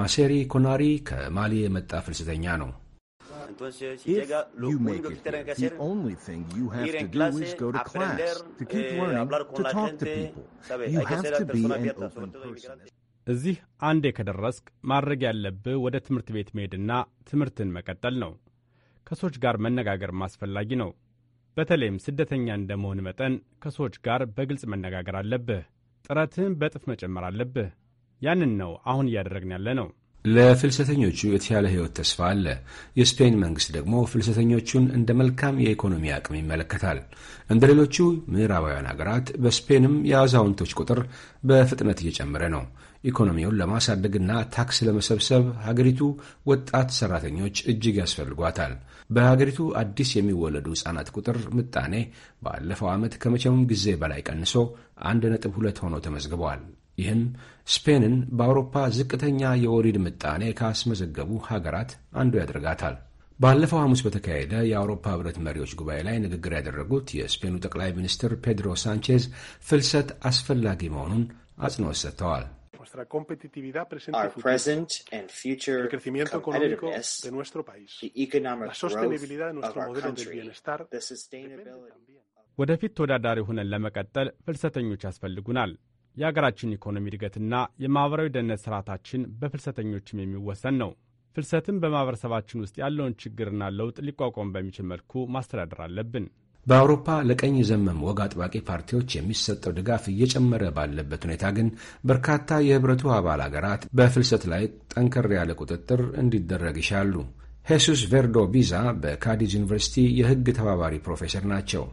ማሴሪ ኮናሪ ከማሊ የመጣ ፍልሰተኛ ነው። እዚህ አንዴ ከደረስክ ማድረግ ያለብህ ወደ ትምህርት ቤት መሄድና ትምህርትን መቀጠል ነው። ከሰዎች ጋር መነጋገር ማስፈላጊ ነው። በተለይም ስደተኛ እንደመሆን መጠን ከሰዎች ጋር በግልጽ መነጋገር አለብህ። ጥረትህን በጥፍ መጨመር አለብህ። ያንን ነው አሁን እያደረግን ያለ ነው። ለፍልሰተኞቹ የተሻለ ሕይወት ተስፋ አለ። የስፔን መንግሥት ደግሞ ፍልሰተኞቹን እንደ መልካም የኢኮኖሚ አቅም ይመለከታል። እንደ ሌሎቹ ምዕራባውያን አገራት በስፔንም የአዛውንቶች ቁጥር በፍጥነት እየጨመረ ነው። ኢኮኖሚውን ለማሳደግና ታክስ ለመሰብሰብ ሀገሪቱ ወጣት ሠራተኞች እጅግ ያስፈልጓታል። በሀገሪቱ አዲስ የሚወለዱ ሕጻናት ቁጥር ምጣኔ ባለፈው ዓመት ከመቼውም ጊዜ በላይ ቀንሶ 1.2 ሆኖ ተመዝግበዋል። ይህም ስፔንን በአውሮፓ ዝቅተኛ የወሊድ ምጣኔ ካስመዘገቡ ሀገራት አንዱ ያደርጋታል። ባለፈው ሐሙስ በተካሄደ የአውሮፓ ህብረት መሪዎች ጉባኤ ላይ ንግግር ያደረጉት የስፔኑ ጠቅላይ ሚኒስትር ፔድሮ ሳንቼዝ ፍልሰት አስፈላጊ መሆኑን አጽንኦት ሰጥተዋል። nuestra competitividad presente y futura, el crecimiento económico de nuestro país, la sostenibilidad de nuestro modelo de bienestar ወደፊት ተወዳዳሪ ሆነን ለመቀጠል ፍልሰተኞች ያስፈልጉናል። የአገራችን ኢኮኖሚ እድገትና የማኅበራዊ ደህንነት ሥርዓታችን በፍልሰተኞችም የሚወሰን ነው። ፍልሰትም በማኅበረሰባችን ውስጥ ያለውን ችግርና ለውጥ ሊቋቋም በሚችል መልኩ ማስተዳደር አለብን። በአውሮፓ ለቀኝ ዘመም ወግ አጥባቂ ፓርቲዎች የሚሰጠው ድጋፍ እየጨመረ ባለበት ሁኔታ ግን በርካታ የህብረቱ አባል አገራት በፍልሰት ላይ ጠንከር ያለ ቁጥጥር እንዲደረግ ይሻሉ። ሄሱስ ቬርዶ ቢዛ በካዲዝ ዩኒቨርሲቲ የህግ ተባባሪ ፕሮፌሰር ናቸው።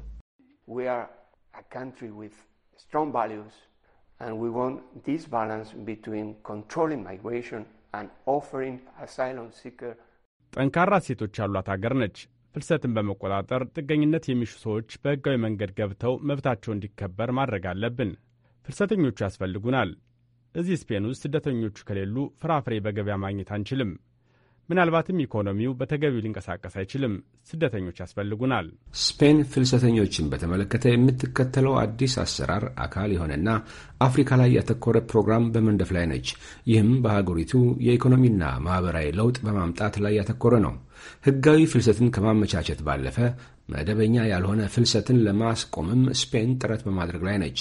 ጠንካራ ሴቶች ያሏት አገር ነች። ፍልሰትን በመቆጣጠር ጥገኝነት የሚሹ ሰዎች በሕጋዊ መንገድ ገብተው መብታቸው እንዲከበር ማድረግ አለብን። ፍልሰተኞቹ ያስፈልጉናል። እዚህ ስፔን ውስጥ ስደተኞቹ ከሌሉ ፍራፍሬ በገበያ ማግኘት አንችልም። ምናልባትም ኢኮኖሚው በተገቢው ሊንቀሳቀስ አይችልም። ስደተኞች ያስፈልጉናል። ስፔን ፍልሰተኞችን በተመለከተ የምትከተለው አዲስ አሰራር አካል የሆነና አፍሪካ ላይ ያተኮረ ፕሮግራም በመንደፍ ላይ ነች። ይህም በሀገሪቱ የኢኮኖሚና ማኅበራዊ ለውጥ በማምጣት ላይ ያተኮረ ነው። ሕጋዊ ፍልሰትን ከማመቻቸት ባለፈ መደበኛ ያልሆነ ፍልሰትን ለማስቆምም ስፔን ጥረት በማድረግ ላይ ነች።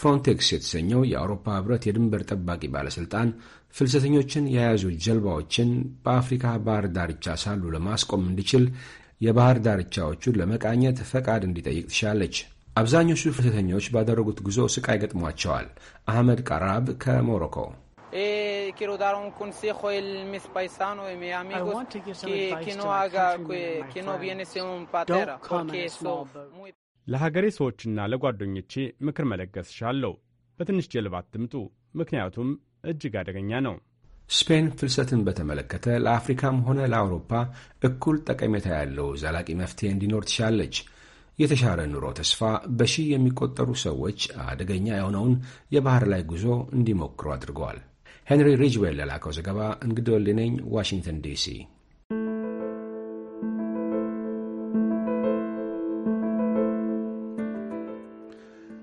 ፍሮንቴክስ የተሰኘው የአውሮፓ ህብረት የድንበር ጠባቂ ባለሥልጣን ፍልሰተኞችን የያዙ ጀልባዎችን በአፍሪካ ባህር ዳርቻ ሳሉ ለማስቆም እንዲችል የባህር ዳርቻዎቹን ለመቃኘት ፈቃድ እንዲጠይቅ ትሻለች። አብዛኞቹ ፍልሰተኞች ባደረጉት ጉዞ ስቃይ ገጥሟቸዋል። አህመድ ቀራብ ከሞሮኮ eh, quiero dar un consejo a mis paisanos y mis amigos que, que no haga que, que no viene ser un patera porque eso muy ለሀገሬ ሰዎችና ለጓደኞቼ ምክር መለገስ ሻለሁ። በትንሽ ጀልባ አትምጡ፣ ምክንያቱም እጅግ አደገኛ ነው። ስፔን ፍልሰትን በተመለከተ ለአፍሪካም ሆነ ለአውሮፓ እኩል ጠቀሜታ ያለው ዘላቂ መፍትሄ እንዲኖር ትሻለች። የተሻለ ኑሮ ተስፋ በሺህ የሚቆጠሩ ሰዎች አደገኛ የሆነውን የባህር ላይ ጉዞ እንዲሞክሩ አድርገዋል። ሄንሪ ሪጅዌል ለላከው ዘገባ እንግዶ ሊነኝ ዋሽንግተን ዲሲ።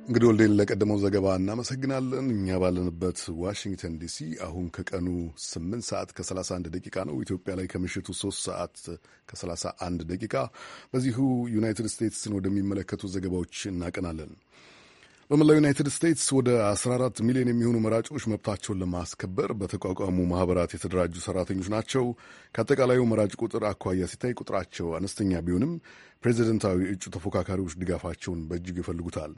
እንግዲህ ወልዴን ለቀደመው ዘገባ እናመሰግናለን። እኛ ባለንበት ዋሽንግተን ዲሲ አሁን ከቀኑ 8 ሰዓት ከ31 ደቂቃ ነው። ኢትዮጵያ ላይ ከምሽቱ 3 ሰዓት ከ31 ደቂቃ። በዚሁ ዩናይትድ ስቴትስን ወደሚመለከቱ ዘገባዎች እናቀናለን። በመላው ዩናይትድ ስቴትስ ወደ 14 ሚሊዮን የሚሆኑ መራጮች መብታቸውን ለማስከበር በተቋቋሙ ማህበራት የተደራጁ ሰራተኞች ናቸው። ከአጠቃላዩ መራጭ ቁጥር አኳያ ሲታይ ቁጥራቸው አነስተኛ ቢሆንም ፕሬዚደንታዊ እጩ ተፎካካሪዎች ድጋፋቸውን በእጅግ ይፈልጉታል።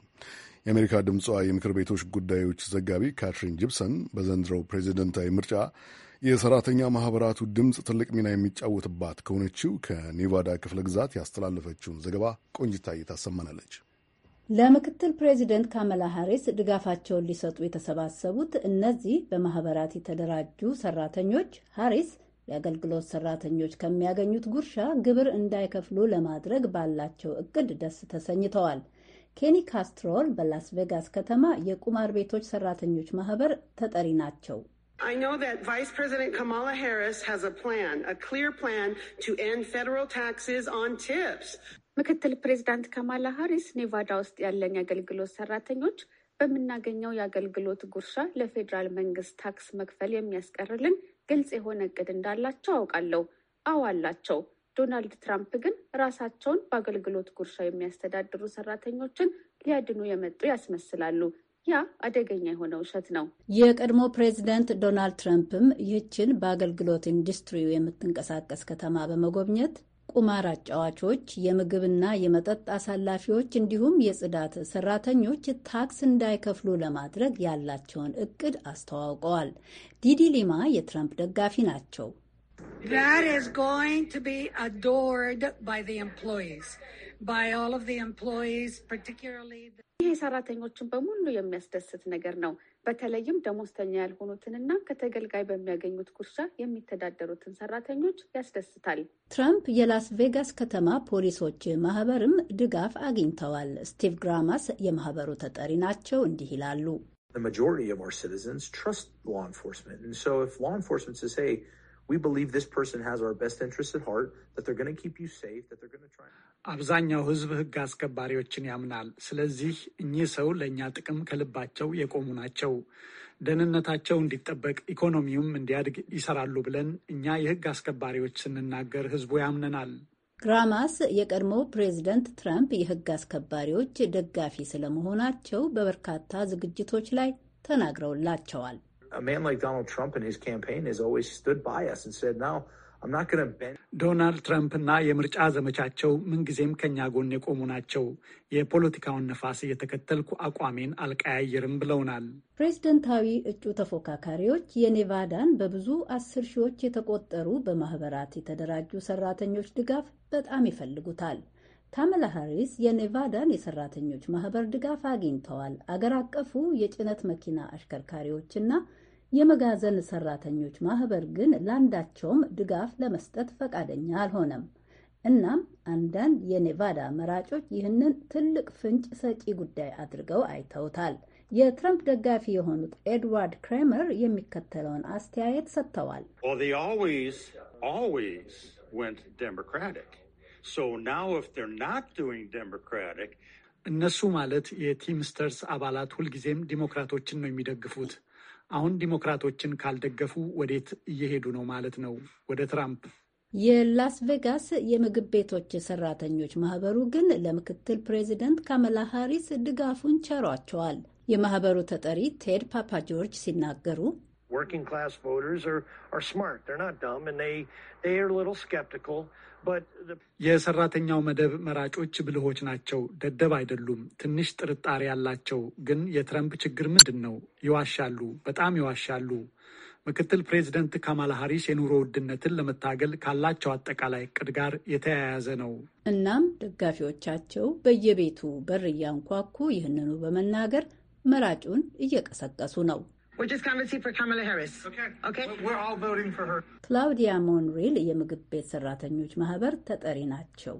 የአሜሪካ ድምጿ የምክር ቤቶች ጉዳዮች ዘጋቢ ካትሪን ጂፕሰን በዘንድሮው ፕሬዚደንታዊ ምርጫ የሰራተኛ ማህበራቱ ድምፅ ትልቅ ሚና የሚጫወትባት ከሆነችው ከኔቫዳ ክፍለ ግዛት ያስተላለፈችውን ዘገባ ቆንጅታ ታሰማናለች። ለምክትል ፕሬዚደንት ካመላ ሃሪስ ድጋፋቸውን ሊሰጡ የተሰባሰቡት እነዚህ በማህበራት የተደራጁ ሰራተኞች ሃሪስ የአገልግሎት ሰራተኞች ከሚያገኙት ጉርሻ ግብር እንዳይከፍሉ ለማድረግ ባላቸው እቅድ ደስ ተሰኝተዋል። ኬኒ ካስትሮል በላስ ቬጋስ ከተማ የቁማር ቤቶች ሰራተኞች ማህበር ተጠሪ ናቸው። ምክትል ፕሬዚዳንት ካማላ ሀሪስ ኔቫዳ ውስጥ ያለን የአገልግሎት ሰራተኞች በምናገኘው የአገልግሎት ጉርሻ ለፌዴራል መንግስት ታክስ መክፈል የሚያስቀርልን ግልጽ የሆነ እቅድ እንዳላቸው አውቃለሁ። አዎ አላቸው። ዶናልድ ትራምፕ ግን ራሳቸውን በአገልግሎት ጉርሻ የሚያስተዳድሩ ሰራተኞችን ሊያድኑ የመጡ ያስመስላሉ። ያ አደገኛ የሆነ ውሸት ነው። የቀድሞ ፕሬዚደንት ዶናልድ ትራምፕም ይህችን በአገልግሎት ኢንዱስትሪው የምትንቀሳቀስ ከተማ በመጎብኘት ቁማር አጫዋቾች፣ የምግብና የመጠጥ አሳላፊዎች እንዲሁም የጽዳት ሰራተኞች ታክስ እንዳይከፍሉ ለማድረግ ያላቸውን እቅድ አስተዋውቀዋል። ዲዲ ሊማ የትራምፕ ደጋፊ ናቸው። ይህ ሰራተኞችን በሙሉ የሚያስደስት ነገር ነው በተለይም ደሞዝተኛ ያልሆኑትንና ከተገልጋይ በሚያገኙት ጉርሻ የሚተዳደሩትን ሰራተኞች ያስደስታል። ትራምፕ የላስ ቬጋስ ከተማ ፖሊሶች ማህበርም ድጋፍ አግኝተዋል። ስቲቭ ግራማስ የማህበሩ ተጠሪ ናቸው። እንዲህ ይላሉ። አብዛኛው ህዝብ ህግ አስከባሪዎችን ያምናል። ስለዚህ እኚህ ሰው ለእኛ ጥቅም ከልባቸው የቆሙ ናቸው። ደህንነታቸው እንዲጠበቅ፣ ኢኮኖሚውም እንዲያድግ ይሰራሉ ብለን እኛ የህግ አስከባሪዎች ስንናገር ህዝቡ ያምነናል። ግራማስ የቀድሞ ፕሬዚደንት ትራምፕ የህግ አስከባሪዎች ደጋፊ ስለመሆናቸው በበርካታ ዝግጅቶች ላይ ተናግረውላቸዋል። ዶናልድ ትራምፕና የምርጫ ዘመቻቸው ምንጊዜም ከኛ ጎን የቆሙ ናቸው። የፖለቲካውን ነፋስ እየተከተልኩ አቋሜን አልቀያየርም ብለውናል። ፕሬዝደንታዊ እጩ ተፎካካሪዎች የኔቫዳን በብዙ አስር ሺዎች የተቆጠሩ በማህበራት የተደራጁ ሰራተኞች ድጋፍ በጣም ይፈልጉታል። ካመላ ሃሪስ የኔቫዳን የሰራተኞች ማህበር ድጋፍ አግኝተዋል። አገር አቀፉ የጭነት መኪና አሽከርካሪዎችና የመጋዘን ሰራተኞች ማህበር ግን ለአንዳቸውም ድጋፍ ለመስጠት ፈቃደኛ አልሆነም። እናም አንዳንድ የኔቫዳ መራጮች ይህንን ትልቅ ፍንጭ ሰጪ ጉዳይ አድርገው አይተውታል። የትረምፕ ደጋፊ የሆኑት ኤድዋርድ ክሬመር የሚከተለውን አስተያየት ሰጥተዋል። እነሱ ማለት የቲምስተርስ አባላት ሁልጊዜም ዲሞክራቶችን ነው የሚደግፉት አሁን ዲሞክራቶችን ካልደገፉ ወዴት እየሄዱ ነው ማለት ነው? ወደ ትራምፕ። የላስ ቬጋስ የምግብ ቤቶች ሰራተኞች ማህበሩ ግን ለምክትል ፕሬዚደንት ካመላ ሃሪስ ድጋፉን ቸሯቸዋል። የማህበሩ ተጠሪ ቴድ ፓፓ ጆርጅ ሲናገሩ working class voters are, are smart. They're not dumb, and they, they are a little skeptical የሰራተኛው መደብ መራጮች ብልሆች ናቸው፣ ደደብ አይደሉም። ትንሽ ጥርጣሬ ያላቸው ግን የትረምፕ ችግር ምንድን ነው? ይዋሻሉ፣ በጣም ይዋሻሉ። ምክትል ፕሬዚደንት ካማላ ሀሪስ የኑሮ ውድነትን ለመታገል ካላቸው አጠቃላይ እቅድ ጋር የተያያዘ ነው። እናም ደጋፊዎቻቸው በየቤቱ በር እያንኳኩ ይህንኑ በመናገር መራጩን እየቀሰቀሱ ነው። ክላውዲያ ሞንሪል የምግብ ቤት ሰራተኞች ማህበር ተጠሪ ናቸው።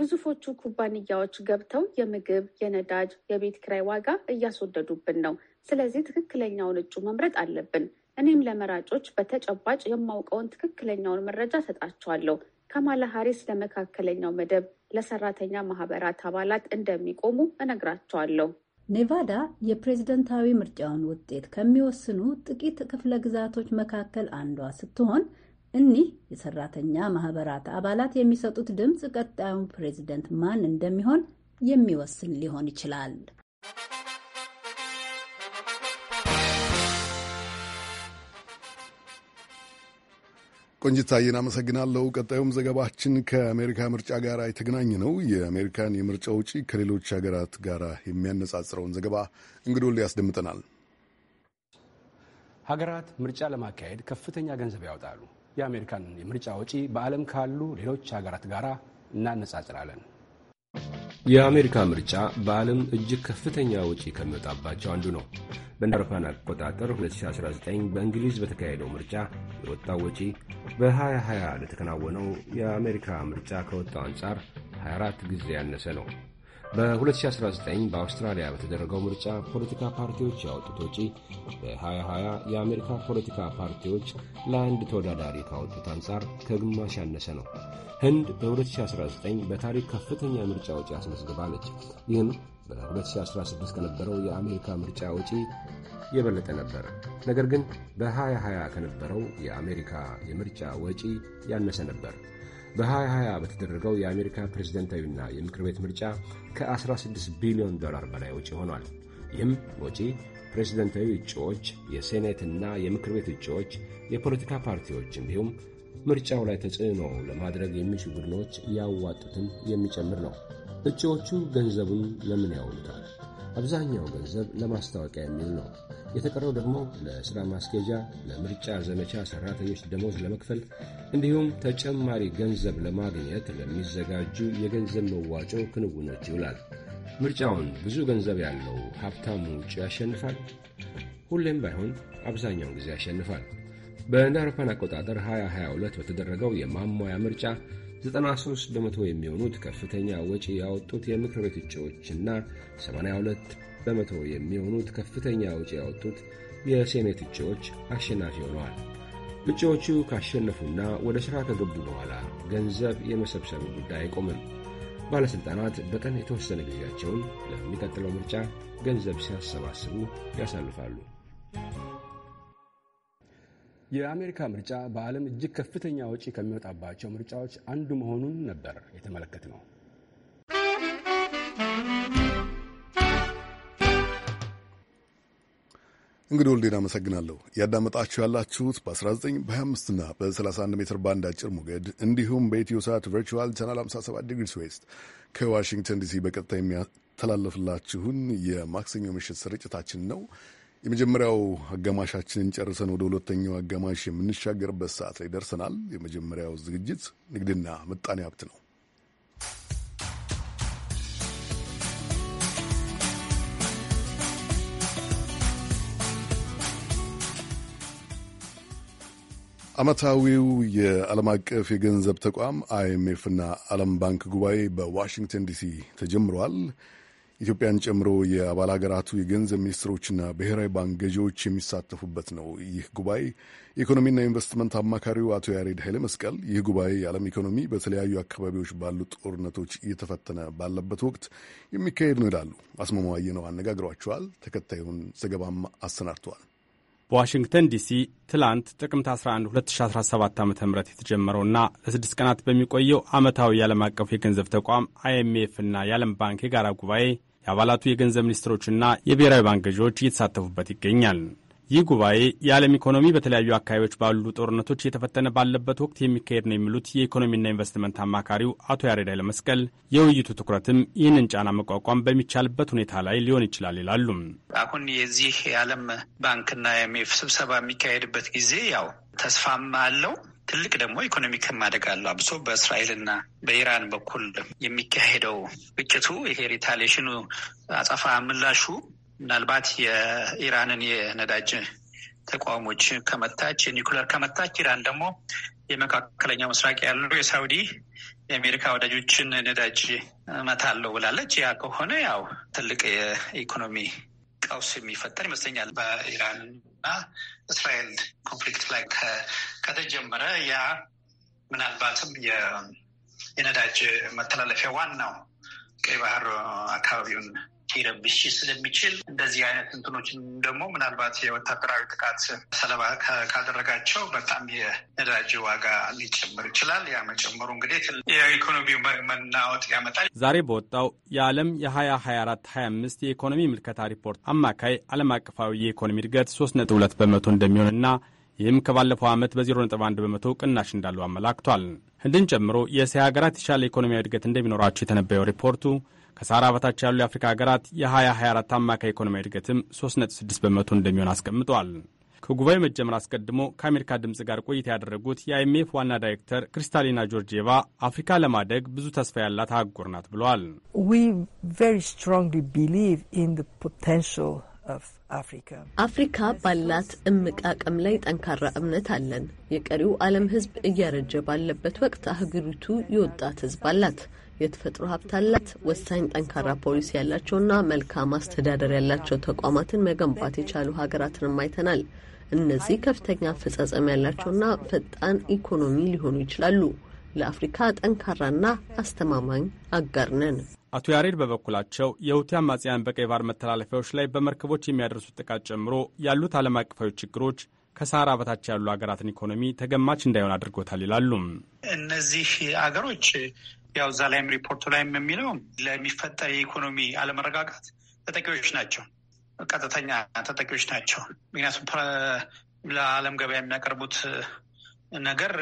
ግዙፎቹ ኩባንያዎች ገብተው የምግብ፣ የነዳጅ፣ የቤት ክራይ ዋጋ እያስወደዱብን ነው። ስለዚህ ትክክለኛውን እጩ መምረጥ አለብን። እኔም ለመራጮች በተጨባጭ የማውቀውን ትክክለኛውን መረጃ ሰጣቸዋለሁ። ካማላ ሀሪስ ለመካከለኛው መደብ ለሰራተኛ ማህበራት አባላት እንደሚቆሙ እነግራቸዋለሁ። ኔቫዳ የፕሬዝደንታዊ ምርጫውን ውጤት ከሚወስኑ ጥቂት ክፍለ ግዛቶች መካከል አንዷ ስትሆን እኒህ የሰራተኛ ማህበራት አባላት የሚሰጡት ድምፅ ቀጣዩን ፕሬዝደንት ማን እንደሚሆን የሚወስን ሊሆን ይችላል። ቆንጅታዬን አመሰግናለሁ። ቀጣዩም ዘገባችን ከአሜሪካ ምርጫ ጋር የተገናኘ ነው። የአሜሪካን የምርጫ ውጪ ከሌሎች ሀገራት ጋር የሚያነጻጽረውን ዘገባ እንግዶል ያስደምጠናል። ሀገራት ምርጫ ለማካሄድ ከፍተኛ ገንዘብ ያወጣሉ። የአሜሪካን የምርጫ ውጪ በዓለም ካሉ ሌሎች ሀገራት ጋር እናነጻጽራለን። የአሜሪካ ምርጫ በዓለም እጅግ ከፍተኛ ወጪ ከሚወጣባቸው አንዱ ነው። በእንደ አቆጣጠር 2019 በእንግሊዝ በተካሄደው ምርጫ የወጣው ወጪ በ2020 ለተከናወነው የአሜሪካ ምርጫ ከወጣው አንጻር 24 ጊዜ ያነሰ ነው። በ2019 በአውስትራሊያ በተደረገው ምርጫ ፖለቲካ ፓርቲዎች ያወጡት ወጪ በ2020 የአሜሪካ ፖለቲካ ፓርቲዎች ለአንድ ተወዳዳሪ ካወጡት አንጻር ከግማሽ ያነሰ ነው። ህንድ በ2019 በታሪክ ከፍተኛ ምርጫ ወጪ አስመዝግባለች። ይህም በ2016 ከነበረው የአሜሪካ ምርጫ ወጪ የበለጠ ነበር ነገር ግን በ2020 ከነበረው የአሜሪካ የምርጫ ወጪ ያነሰ ነበር። በ2020 በተደረገው የአሜሪካ ፕሬዝደንታዊና የምክር ቤት ምርጫ ከ16 ቢሊዮን ዶላር በላይ ወጪ ሆኗል። ይህም ወጪ ፕሬዝደንታዊ እጩዎች፣ የሴኔትና የምክር ቤት እጩዎች፣ የፖለቲካ ፓርቲዎች እንዲሁም ምርጫው ላይ ተጽዕኖ ለማድረግ የሚችሉ ቡድኖች ያዋጡትን የሚጨምር ነው። እጩዎቹ ገንዘቡን ለምን ያውሉታል? አብዛኛው ገንዘብ ለማስታወቂያ የሚውል ነው። የተቀረው ደግሞ ለሥራ ማስኬጃ፣ ለምርጫ ዘመቻ ሠራተኞች ደሞዝ ለመክፈል እንዲሁም ተጨማሪ ገንዘብ ለማግኘት ለሚዘጋጁ የገንዘብ መዋጮ ክንውኖች ይውላል። ምርጫውን ብዙ ገንዘብ ያለው ሀብታሙ ውጭ ያሸንፋል። ሁሌም ባይሆን አብዛኛውን ጊዜ ያሸንፋል። በእንደ አውሮፓን አቆጣጠር 2022 በተደረገው የማሟያ ምርጫ 93 በመቶ የሚሆኑት ከፍተኛ ወጪ ያወጡት የምክር ቤት እጩዎችና 82 በመቶ የሚሆኑት ከፍተኛ ወጪ ያወጡት የሴኔት እጩዎች አሸናፊ ሆነዋል። እጩዎቹ ካሸነፉና ወደ ሥራ ከገቡ በኋላ ገንዘብ የመሰብሰቡ ጉዳይ አይቆምም። ባለሥልጣናት በቀን የተወሰነ ጊዜያቸውን ለሚቀጥለው ምርጫ ገንዘብ ሲያሰባስቡ ያሳልፋሉ። የአሜሪካ ምርጫ በዓለም እጅግ ከፍተኛ ወጪ ከሚወጣባቸው ምርጫዎች አንዱ መሆኑን ነበር የተመለከት ነው። እንግዲህ ወልዴን አመሰግናለሁ። ያዳመጣችሁ ያላችሁት በ19 በ25 እና በ31 ሜትር ባንድ አጭር ሞገድ እንዲሁም በኢትዮ ሰዓት ቨርቹዋል ቻናል 57 ዲግሪ ስዌስት ከዋሽንግተን ዲሲ በቀጥታ የሚያስተላልፍላችሁን የማክሰኞ ምሽት ስርጭታችን ነው። የመጀመሪያው አጋማሻችንን ጨርሰን ወደ ሁለተኛው አጋማሽ የምንሻገርበት ሰዓት ላይ ደርሰናል። የመጀመሪያው ዝግጅት ንግድና ምጣኔ ሀብት ነው። ዓመታዊው የዓለም አቀፍ የገንዘብ ተቋም አይኤምኤፍና ዓለም ባንክ ጉባኤ በዋሽንግተን ዲሲ ተጀምረዋል። ኢትዮጵያን ጨምሮ የአባል ሀገራቱ የገንዘብ ሚኒስትሮችና ብሔራዊ ባንክ ገዢዎች የሚሳተፉበት ነው። ይህ ጉባኤ ኢኮኖሚና ኢንቨስትመንት አማካሪው አቶ ያሬድ ኃይለ መስቀል ይህ ጉባኤ የዓለም ኢኮኖሚ በተለያዩ አካባቢዎች ባሉ ጦርነቶች እየተፈተነ ባለበት ወቅት የሚካሄድ ነው ይላሉ። አስማማዋየ ነው አነጋግሯቸዋል። ተከታዩን ዘገባም አሰናድተዋል። በዋሽንግተን ዲሲ ትላንት ጥቅምት 11 2017 ዓ ም የተጀመረውና ለስድስት ቀናት በሚቆየው ዓመታዊ የዓለም አቀፍ የገንዘብ ተቋም አይኤምኤፍና የዓለም ባንክ የጋራ ጉባኤ የአባላቱ የገንዘብ ሚኒስትሮችና የብሔራዊ ባንክ ገዢዎች እየተሳተፉበት ይገኛል። ይህ ጉባኤ የዓለም ኢኮኖሚ በተለያዩ አካባቢዎች ባሉ ጦርነቶች እየተፈተነ ባለበት ወቅት የሚካሄድ ነው የሚሉት የኢኮኖሚና ኢንቨስትመንት አማካሪው አቶ ያሬድ ኃይለመስቀል የውይይቱ ትኩረትም ይህንን ጫና መቋቋም በሚቻልበት ሁኔታ ላይ ሊሆን ይችላል ይላሉ። አሁን የዚህ የዓለም ባንክና የኤምኤፍ ስብሰባ የሚካሄድበት ጊዜ ያው ተስፋም አለው ትልቅ ደግሞ ኢኮኖሚክ ማደግ አለው። አብሶ በእስራኤልና በኢራን በኩል የሚካሄደው ግጭቱ ይሄ ሪታሌሽኑ አጸፋ ምላሹ ምናልባት የኢራንን የነዳጅ ተቋሞች ከመታች የኒኩለር ከመታች ኢራን ደግሞ የመካከለኛው ምስራቅ ያሉ የሳውዲ የአሜሪካ ወዳጆችን ነዳጅ እመታለሁ ብላለች። ያ ከሆነ ያው ትልቅ የኢኮኖሚ ቀውስ የሚፈጠር ይመስለኛል በኢራንና እስራኤል ኮንፍሊክት ላይ ከተጀመረ ያ ምናልባትም የነዳጅ መተላለፊያ ዋናው ቀይ ባህር አካባቢውን ሊረብሽ ስለሚችል እንደዚህ አይነት እንትኖችን ደግሞ ምናልባት የወታደራዊ ጥቃት ሰለባ ካደረጋቸው በጣም የነዳጅ ዋጋ ሊጨምር ይችላል። ያ መጨመሩ እንግዲህ የኢኮኖሚ መናወጥ ያመጣል። ዛሬ በወጣው የዓለም የ2024 25 የኢኮኖሚ ምልከታ ሪፖርት አማካይ ዓለም አቀፋዊ የኢኮኖሚ እድገት 3.2 በመቶ እንደሚሆንና ይህም ከባለፈው ዓመት በ0.1 በመቶ ቅናሽ እንዳለው አመላክቷል። ህንድን ጨምሮ የእስያ ሀገራት የተሻለ ኢኮኖሚያዊ እድገት እንደሚኖራቸው የተነበየው ሪፖርቱ ከሳራ በታች ያሉ የአፍሪካ ሀገራት የ2024 አማካይ ኢኮኖሚ እድገትም 3.6 በመቶ እንደሚሆን አስቀምጠዋል። ከጉባኤው መጀመር አስቀድሞ ከአሜሪካ ድምፅ ጋር ቆይታ ያደረጉት የአይኤምኤፍ ዋና ዳይሬክተር ክሪስታሊና ጆርጂየቫ አፍሪካ ለማደግ ብዙ ተስፋ ያላት አህጉር ናት ብለዋል። አፍሪካ ባላት እምቅ አቅም ላይ ጠንካራ እምነት አለን። የቀሪው ዓለም ሕዝብ እያረጀ ባለበት ወቅት አህጉሪቱ የወጣት ሕዝብ አላት። የተፈጥሮ ሀብት አላት። ወሳኝ ጠንካራ ፖሊሲ ያላቸውና መልካም አስተዳደር ያላቸው ተቋማትን መገንባት የቻሉ ሀገራትንም አይተናል። እነዚህ ከፍተኛ አፈጻጸም ያላቸውና ፈጣን ኢኮኖሚ ሊሆኑ ይችላሉ። ለአፍሪካ ጠንካራና አስተማማኝ አጋር ነን። አቶ ያሬድ በበኩላቸው የሁቲ አማጽያን በቀይ ባህር መተላለፊያዎች ላይ በመርከቦች የሚያደርሱት ጥቃት ጨምሮ ያሉት ዓለም አቀፋዊ ችግሮች ከሳራ በታች ያሉ ሀገራትን ኢኮኖሚ ተገማች እንዳይሆን አድርጎታል ይላሉ። እነዚህ አገሮች ያው እዛ ላይም ሪፖርቱ ላይም የሚለው ለሚፈጠር የኢኮኖሚ አለመረጋጋት ተጠቂዎች ናቸው፣ ቀጥተኛ ተጠቂዎች ናቸው። ምክንያቱም ለዓለም ገበያ የሚያቀርቡት ነገር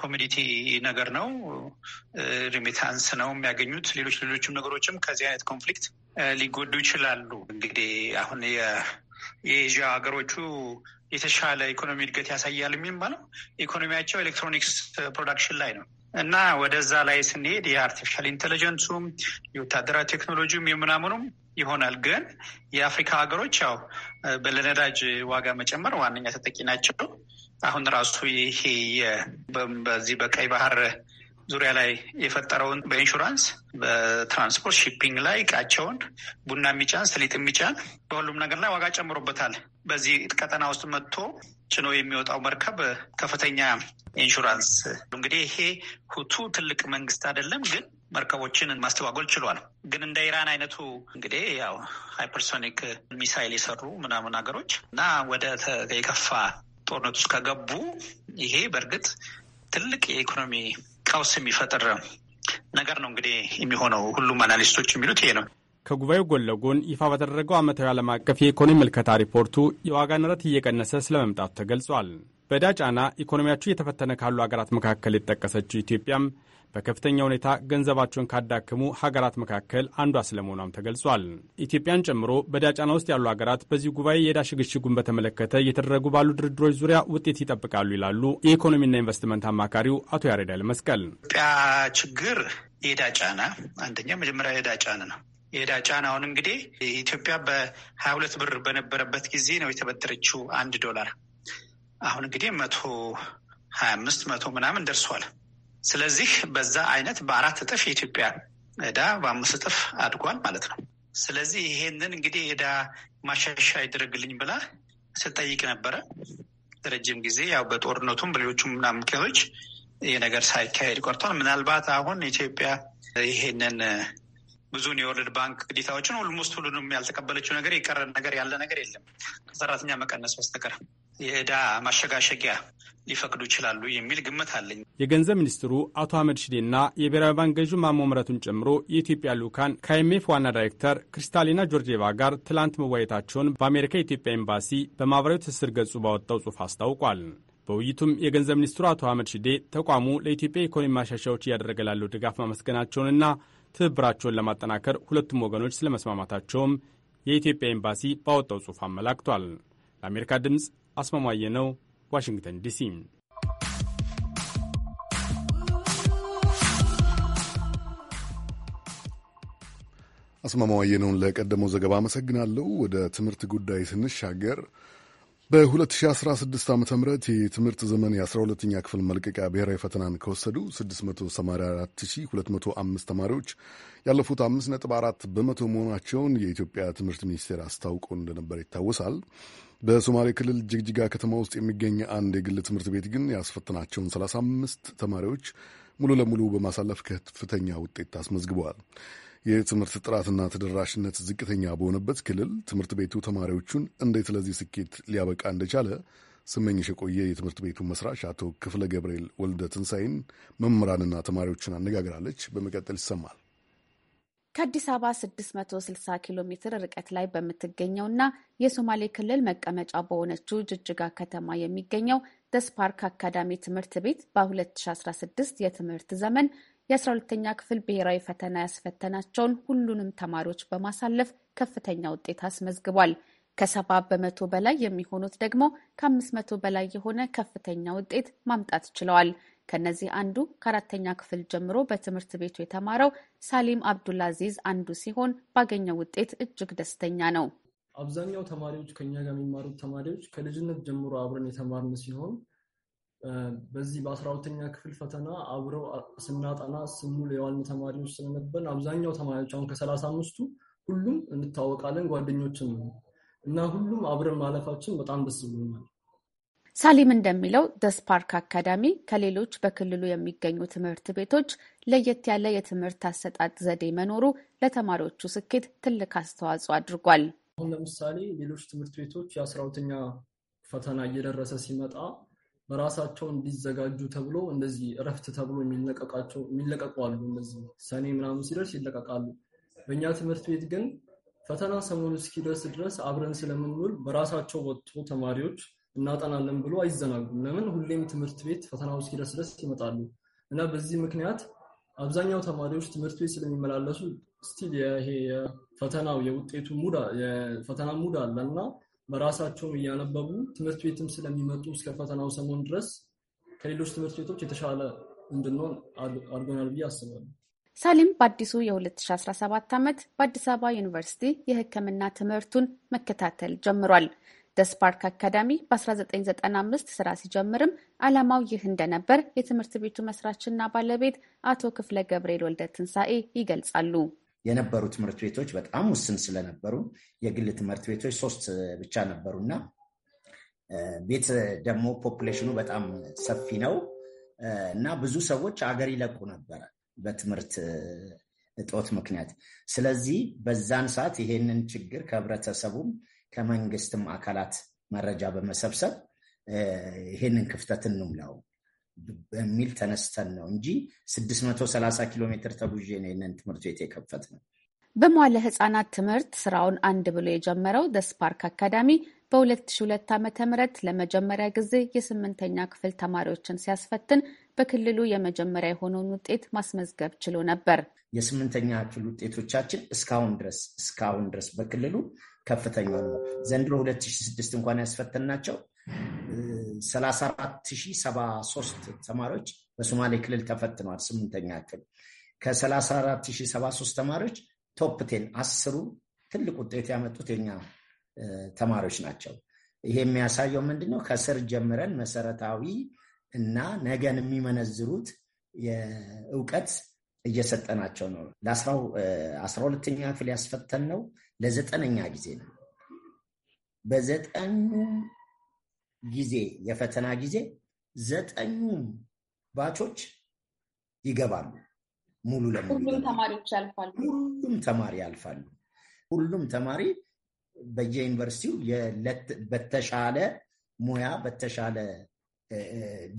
ኮሚዲቲ ነገር ነው፣ ሪሚታንስ ነው የሚያገኙት። ሌሎች ሌሎችም ነገሮችም ከዚህ አይነት ኮንፍሊክት ሊጎዱ ይችላሉ። እንግዲህ አሁን የኤዥያ ሀገሮቹ የተሻለ ኢኮኖሚ እድገት ያሳያል የሚባለው ኢኮኖሚያቸው ኤሌክትሮኒክስ ፕሮዳክሽን ላይ ነው። እና ወደዛ ላይ ስንሄድ የአርቲፊሻል ኢንቴሊጀንሱም የወታደራዊ ቴክኖሎጂም የምናምኑም ይሆናል። ግን የአፍሪካ ሀገሮች ያው በለነዳጅ ዋጋ መጨመር ዋነኛ ተጠቂ ናቸው። አሁን ራሱ ይሄ በዚህ በቀይ ባህር ዙሪያ ላይ የፈጠረውን በኢንሹራንስ፣ በትራንስፖርት፣ ሺፒንግ ላይ እቃቸውን ቡና የሚጫን ሰሊጥ የሚጫን በሁሉም ነገር ላይ ዋጋ ጨምሮበታል። በዚህ ቀጠና ውስጥ መጥቶ ጭኖ የሚወጣው መርከብ ከፍተኛ ኢንሹራንስ እንግዲህ ይሄ ሁቱ ትልቅ መንግስት አይደለም ግን መርከቦችን ማስተጓጎል ችሏል። ግን እንደ ኢራን አይነቱ እንግዲህ ያው ሃይፐርሶኒክ ሚሳይል የሰሩ ምናምን ሀገሮች እና ወደ የከፋ ጦርነት ውስጥ ከገቡ ይሄ በእርግጥ ትልቅ የኢኮኖሚ ቀውስ የሚፈጥር ነገር ነው እንግዲህ የሚሆነው። ሁሉም አናሊስቶች የሚሉት ይሄ ነው። ከጉባኤው ጎን ለጎን ይፋ በተደረገው ዓመታዊ ዓለም አቀፍ የኢኮኖሚ ምልከታ ሪፖርቱ የዋጋ ንረት እየቀነሰ ስለመምጣቱ ተገልጿል። በዕዳ ጫና ኢኮኖሚያቸው እየተፈተነ ካሉ ሀገራት መካከል የተጠቀሰችው ኢትዮጵያም በከፍተኛ ሁኔታ ገንዘባቸውን ካዳክሙ ሀገራት መካከል አንዷ ስለመሆኗም ተገልጿል። ኢትዮጵያን ጨምሮ በዕዳ ጫና ውስጥ ያሉ ሀገራት በዚህ ጉባኤ የዕዳ ሽግሽጉን በተመለከተ እየተደረጉ ባሉ ድርድሮች ዙሪያ ውጤት ይጠብቃሉ ይላሉ የኢኮኖሚና ኢንቨስትመንት አማካሪው አቶ ያሬድ መስቀል። ኢትዮጵያ ችግር የዕዳ ጫና አንደኛ መጀመሪያ የዕዳ ጫና ነው። የዕዳ ጫናውን እንግዲህ ኢትዮጵያ በሀያ ሁለት ብር በነበረበት ጊዜ ነው የተበደረችው አንድ ዶላር። አሁን እንግዲህ መቶ ሀያ አምስት መቶ ምናምን ደርሷል። ስለዚህ በዛ አይነት በአራት እጥፍ የኢትዮጵያ ዕዳ በአምስት እጥፍ አድጓል ማለት ነው። ስለዚህ ይሄንን እንግዲህ ዕዳ ማሻሻ ይደረግልኝ ብላ ስጠይቅ ነበረ ረጅም ጊዜ ያው በጦርነቱም በሌሎቹም ምናምን ምክንያቶች ይህ ነገር ሳይካሄድ ቆርቷል። ምናልባት አሁን ኢትዮጵያ ይሄንን ብዙን የወርልድ ባንክ ግዴታዎችን ኦልሞስት ሁሉንም ያልተቀበለችው ነገር የቀረ ነገር ያለ ነገር የለም ከሰራተኛ መቀነስ በስተቀር የዕዳ ማሸጋሸጊያ ሊፈቅዱ ይችላሉ የሚል ግምት አለኝ። የገንዘብ ሚኒስትሩ አቶ አህመድ ሽዴና የብሔራዊ ባንክ ገዢው ማሞ ጨምሮ የኢትዮጵያ ልዑካን ከአይኤምኤፍ ዋና ዳይሬክተር ክሪስታሊና ጆርጂቫ ጋር ትላንት መወያየታቸውን በአሜሪካ የኢትዮጵያ ኤምባሲ በማህበራዊ ትስስር ገጹ ባወጣው ጽሑፍ አስታውቋል። በውይይቱም የገንዘብ ሚኒስትሩ አቶ አህመድ ሽዴ ተቋሙ ለኢትዮጵያ ኢኮኖሚ ማሻሻያዎች እያደረገ ላለው ድጋፍ ማመስገናቸውንና ትብብራቸውን ለማጠናከር ሁለቱም ወገኖች ስለ መስማማታቸውም የኢትዮጵያ ኤምባሲ ባወጣው ጽሑፍ አመላክቷል። ለአሜሪካ ድምፅ አስማማየ ነው፣ ዋሽንግተን ዲሲ። አስማማው አየነውን ለቀደመው ዘገባ አመሰግናለሁ። ወደ ትምህርት ጉዳይ ስንሻገር በ2016 ዓ ም የትምህርት ዘመን የ12ኛ ክፍል መልቀቂያ ብሔራዊ ፈተናን ከወሰዱ 684205 ተማሪዎች ያለፉት 5.4 በመቶ መሆናቸውን የኢትዮጵያ ትምህርት ሚኒስቴር አስታውቆ እንደነበር ይታወሳል። በሶማሌ ክልል ጅግጅጋ ከተማ ውስጥ የሚገኝ አንድ የግል ትምህርት ቤት ግን ያስፈትናቸውን 35 ተማሪዎች ሙሉ ለሙሉ በማሳለፍ ከፍተኛ ውጤት አስመዝግበዋል። የትምህርት ጥራትና ተደራሽነት ዝቅተኛ በሆነበት ክልል ትምህርት ቤቱ ተማሪዎቹን እንዴት ለዚህ ስኬት ሊያበቃ እንደቻለ ስመኝሽ የቆየ የትምህርት ቤቱ መስራች አቶ ክፍለ ገብርኤል ወልደ ትንሳይን መምህራንና ተማሪዎችን አነጋግራለች። በመቀጠል ይሰማል። ከአዲስ አበባ 660 ኪሎ ሜትር ርቀት ላይ በምትገኘውና የሶማሌ ክልል መቀመጫ በሆነችው ጅጅጋ ከተማ የሚገኘው ደስፓርክ አካዳሚ ትምህርት ቤት በ2016 የትምህርት ዘመን የ12ተኛ ክፍል ብሔራዊ ፈተና ያስፈተናቸውን ሁሉንም ተማሪዎች በማሳለፍ ከፍተኛ ውጤት አስመዝግቧል። ከሰባ በመቶ በላይ የሚሆኑት ደግሞ ከአምስት መቶ በላይ የሆነ ከፍተኛ ውጤት ማምጣት ችለዋል። ከነዚህ አንዱ ከአራተኛ ክፍል ጀምሮ በትምህርት ቤቱ የተማረው ሳሊም አብዱልአዚዝ አንዱ ሲሆን ባገኘው ውጤት እጅግ ደስተኛ ነው። አብዛኛው ተማሪዎች ከኛ ጋር የሚማሩት ተማሪዎች ከልጅነት ጀምሮ አብረን የተማርን ሲሆን በዚህ በአስራ ሁለተኛ ክፍል ፈተና አብረው ስናጠና ስሙል የዋልን ተማሪዎች ስለነበርን አብዛኛው ተማሪዎች አሁን ከሰላሳ አምስቱ ሁሉም እንታወቃለን፣ ጓደኞችን ነው እና ሁሉም አብረን ማለፋችን በጣም ደስ ብሎናል። ሳሊም እንደሚለው ደስፓርክ አካዳሚ ከሌሎች በክልሉ የሚገኙ ትምህርት ቤቶች ለየት ያለ የትምህርት አሰጣጥ ዘዴ መኖሩ ለተማሪዎቹ ስኬት ትልቅ አስተዋጽኦ አድርጓል። አሁን ለምሳሌ ሌሎች ትምህርት ቤቶች የአስራ ሁለተኛ ፈተና እየደረሰ ሲመጣ በራሳቸው እንዲዘጋጁ ተብሎ እንደዚህ እረፍት ተብሎ የሚለቀቃቸው የሚለቀቁ አሉ። እነዚህ ሰኔ ምናምን ሲደርስ ይለቀቃሉ። በእኛ ትምህርት ቤት ግን ፈተና ሰሞኑ እስኪደርስ ድረስ አብረን ስለምንውል በራሳቸው ወጥቶ ተማሪዎች እናጠናለን ብሎ አይዘናጉም። ለምን ሁሌም ትምህርት ቤት ፈተናው እስኪደርስ ድረስ ይመጣሉ እና በዚህ ምክንያት አብዛኛው ተማሪዎች ትምህርት ቤት ስለሚመላለሱ ስቲል ይሄ የፈተናው የውጤቱ ሙድ የፈተና ሙድ አለ እና በራሳቸው እያነበቡ ትምህርት ቤትም ስለሚመጡ እስከ ፈተናው ሰሞን ድረስ ከሌሎች ትምህርት ቤቶች የተሻለ እንድንሆን አድርጎናል ብዬ አስባለሁ። ሳሊም በአዲሱ የ2017 ዓመት በአዲስ አበባ ዩኒቨርሲቲ የሕክምና ትምህርቱን መከታተል ጀምሯል። ደስፓርክ አካዳሚ በ1995 ስራ ሲጀምርም ዓላማው ይህ እንደነበር የትምህርት ቤቱ መስራችና ባለቤት አቶ ክፍለ ገብርኤል ወልደ ትንሣኤ ይገልጻሉ። የነበሩ ትምህርት ቤቶች በጣም ውስን ስለነበሩ የግል ትምህርት ቤቶች ሶስት ብቻ እና ቤት ደግሞ ፖፕሌሽኑ በጣም ሰፊ ነው እና ብዙ ሰዎች አገር ይለቁ ነበረ በትምህርት እጦት ምክንያት። ስለዚህ በዛን ሰዓት ይሄንን ችግር ከህብረተሰቡም ከመንግስትም አካላት መረጃ በመሰብሰብ ይሄንን ክፍተት እንሙላው በሚል ተነስተን ነው እንጂ 630 ኪሎ ሜትር ተጉዤ ነው ይህንን ትምህርት ቤት የከፈት ነው። በመዋለ ህጻናት ትምህርት ስራውን አንድ ብሎ የጀመረው ደስፓርክ አካዳሚ በ2002 ዓ ም ለመጀመሪያ ጊዜ የስምንተኛ ክፍል ተማሪዎችን ሲያስፈትን በክልሉ የመጀመሪያ የሆነውን ውጤት ማስመዝገብ ችሎ ነበር። የስምንተኛ ክፍል ውጤቶቻችን እስካሁን ድረስ እስካሁን ድረስ በክልሉ ከፍተኛ ነው። ዘንድሮ 2006 እንኳን ያስፈተናቸው 34073 ተማሪዎች በሶማሌ ክልል ተፈትነዋል። ስምንተኛ ክፍል ከ34073 ተማሪዎች ቶፕ ቴን አስሩ ትልቅ ውጤት ያመጡት የኛ ተማሪዎች ናቸው። ይሄ የሚያሳየው ምንድነው? ከስር ጀምረን መሰረታዊ እና ነገን የሚመነዝሩት የእውቀት እየሰጠናቸው ነው። ለአስራ ሁለተኛ ክፍል ያስፈተን ነው ለዘጠነኛ ጊዜ ነው። በዘጠኑ ጊዜ የፈተና ጊዜ ዘጠኙም ባቾች ይገባሉ። ሙሉ ለሙሉ ሁሉም ያልፋሉ። ሁሉም ተማሪ ያልፋሉ። ሁሉም ተማሪ በየዩኒቨርሲቲው በተሻለ ሙያ በተሻለ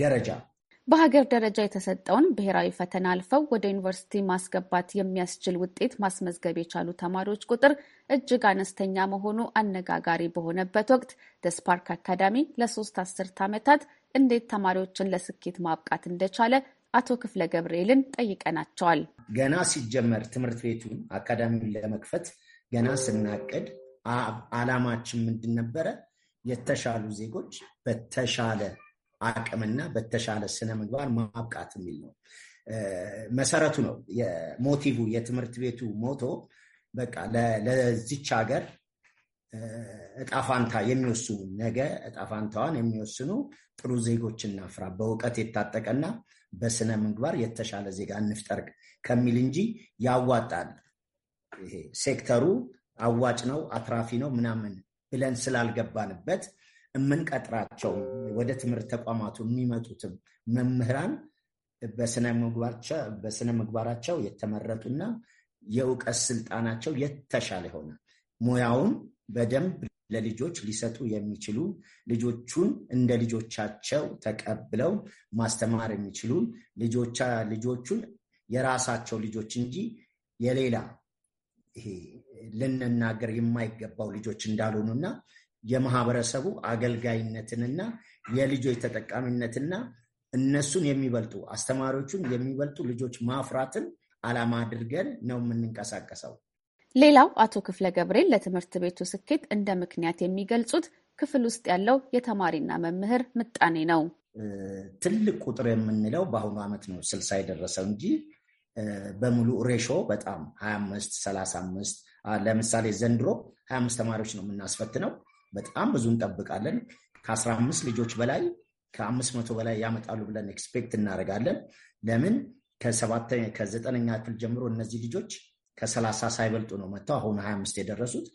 ደረጃ በሀገር ደረጃ የተሰጠውን ብሔራዊ ፈተና አልፈው ወደ ዩኒቨርሲቲ ማስገባት የሚያስችል ውጤት ማስመዝገብ የቻሉ ተማሪዎች ቁጥር እጅግ አነስተኛ መሆኑ አነጋጋሪ በሆነበት ወቅት ደስፓርክ አካዳሚ ለሶስት አስርት ዓመታት እንዴት ተማሪዎችን ለስኬት ማብቃት እንደቻለ አቶ ክፍለ ገብርኤልን ጠይቀናቸዋል። ገና ሲጀመር ትምህርት ቤቱን አካዳሚውን ለመክፈት ገና ስናቅድ አላማችን ምንድን ነበረ? የተሻሉ ዜጎች በተሻለ አቅምና በተሻለ ስነ ምግባር ማብቃት የሚል ነው። መሰረቱ ነው የሞቲቭ የትምህርት ቤቱ ሞቶ በቃ ለዚች ሀገር እጣፋንታ የሚወስኑ ነገ እጣፋንታዋን የሚወስኑ ጥሩ ዜጎች እናፍራ፣ በእውቀት የታጠቀና በስነ ምግባር የተሻለ ዜጋ እንፍጠር ከሚል እንጂ ያዋጣል፣ ይሄ ሴክተሩ አዋጭ ነው፣ አትራፊ ነው ምናምን ብለን ስላልገባንበት የምንቀጥራቸውም ወደ ትምህርት ተቋማቱ የሚመጡትም መምህራን በስነ ምግባራቸው የተመረጡና የእውቀት ስልጣናቸው የተሻለ ሆነ ሙያውን በደንብ ለልጆች ሊሰጡ የሚችሉ ልጆቹን እንደ ልጆቻቸው ተቀብለው ማስተማር የሚችሉ ልጆቹን የራሳቸው ልጆች እንጂ የሌላ ይሄ ልንናገር የማይገባው ልጆች እንዳልሆኑና የማህበረሰቡ አገልጋይነትንና የልጆች ተጠቃሚነትና እነሱን የሚበልጡ አስተማሪዎቹን የሚበልጡ ልጆች ማፍራትን ዓላማ አድርገን ነው የምንንቀሳቀሰው። ሌላው አቶ ክፍለ ገብርኤል ለትምህርት ቤቱ ስኬት እንደ ምክንያት የሚገልጹት ክፍል ውስጥ ያለው የተማሪና መምህር ምጣኔ ነው። ትልቅ ቁጥር የምንለው በአሁኑ ዓመት ነው ስልሳ የደረሰው እንጂ በሙሉ ሬሾ በጣም ሀያ አምስት ሰላሳ አምስት ለምሳሌ ዘንድሮ ሀያ አምስት ተማሪዎች ነው የምናስፈትነው በጣም ብዙ እንጠብቃለን። ከ15 ልጆች በላይ ከአምስት መቶ በላይ ያመጣሉ ብለን ኤክስፔክት እናደርጋለን። ለምን ከዘጠነኛ ክፍል ጀምሮ እነዚህ ልጆች ከሰላሳ ሳይበልጡ ነው መጥተው አሁን ሀያ አምስት የደረሱት።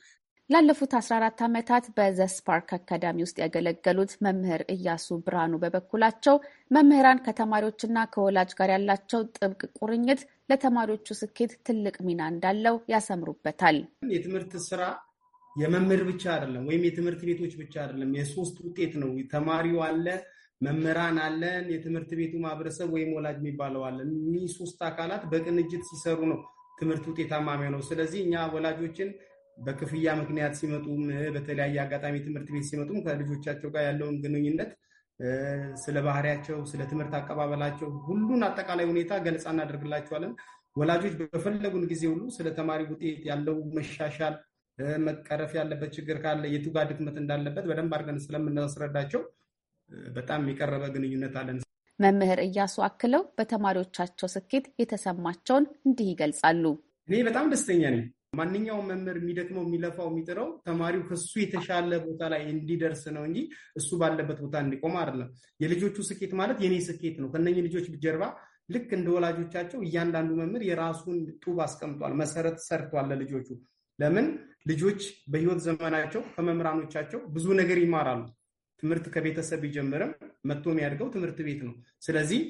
ላለፉት 14 ዓመታት በዘስፓርክ አካዳሚ ውስጥ ያገለገሉት መምህር እያሱ ብርሃኑ በበኩላቸው መምህራን ከተማሪዎችና ከወላጅ ጋር ያላቸው ጥብቅ ቁርኝት ለተማሪዎቹ ስኬት ትልቅ ሚና እንዳለው ያሰምሩበታል። የትምህርት ስራ የመምህር ብቻ አይደለም ወይም የትምህርት ቤቶች ብቻ አይደለም፣ የሶስት ውጤት ነው። ተማሪው አለ፣ መምህራን አለን፣ የትምህርት ቤቱ ማህበረሰብ ወይም ወላጅ የሚባለው አለ። እኚህ ሶስት አካላት በቅንጅት ሲሰሩ ነው ትምህርት ውጤታማ የሚሆነው። ስለዚህ እኛ ወላጆችን በክፍያ ምክንያት ሲመጡም በተለያየ አጋጣሚ ትምህርት ቤት ሲመጡም ከልጆቻቸው ጋር ያለውን ግንኙነት ስለ ባህሪያቸው፣ ስለ ትምህርት አቀባበላቸው ሁሉን አጠቃላይ ሁኔታ ገለጻ እናደርግላቸዋለን። ወላጆች በፈለጉን ጊዜ ሁሉ ስለ ተማሪ ውጤት ያለው መሻሻል መቀረፍ ያለበት ችግር ካለ የቱጋ ድክመት እንዳለበት በደንብ አድርገን ስለምናስረዳቸው በጣም የቀረበ ግንኙነት አለን። መምህር እያሱ አክለው በተማሪዎቻቸው ስኬት የተሰማቸውን እንዲህ ይገልጻሉ። እኔ በጣም ደስተኛ ነኝ። ማንኛውም መምህር የሚደክመው የሚለፋው የሚጥረው ተማሪው ከሱ የተሻለ ቦታ ላይ እንዲደርስ ነው እንጂ እሱ ባለበት ቦታ እንዲቆም አይደለም። የልጆቹ ስኬት ማለት የኔ ስኬት ነው። ከነኝህ ልጆች ጀርባ ልክ እንደ ወላጆቻቸው እያንዳንዱ መምህር የራሱን ጡብ አስቀምጧል፣ መሰረት ሰርቷል ለልጆቹ ለምን ልጆች በህይወት ዘመናቸው ከመምህራኖቻቸው ብዙ ነገር ይማራሉ። ትምህርት ከቤተሰብ ቢጀምርም መጥቶ የሚያድገው ትምህርት ቤት ነው። ስለዚህ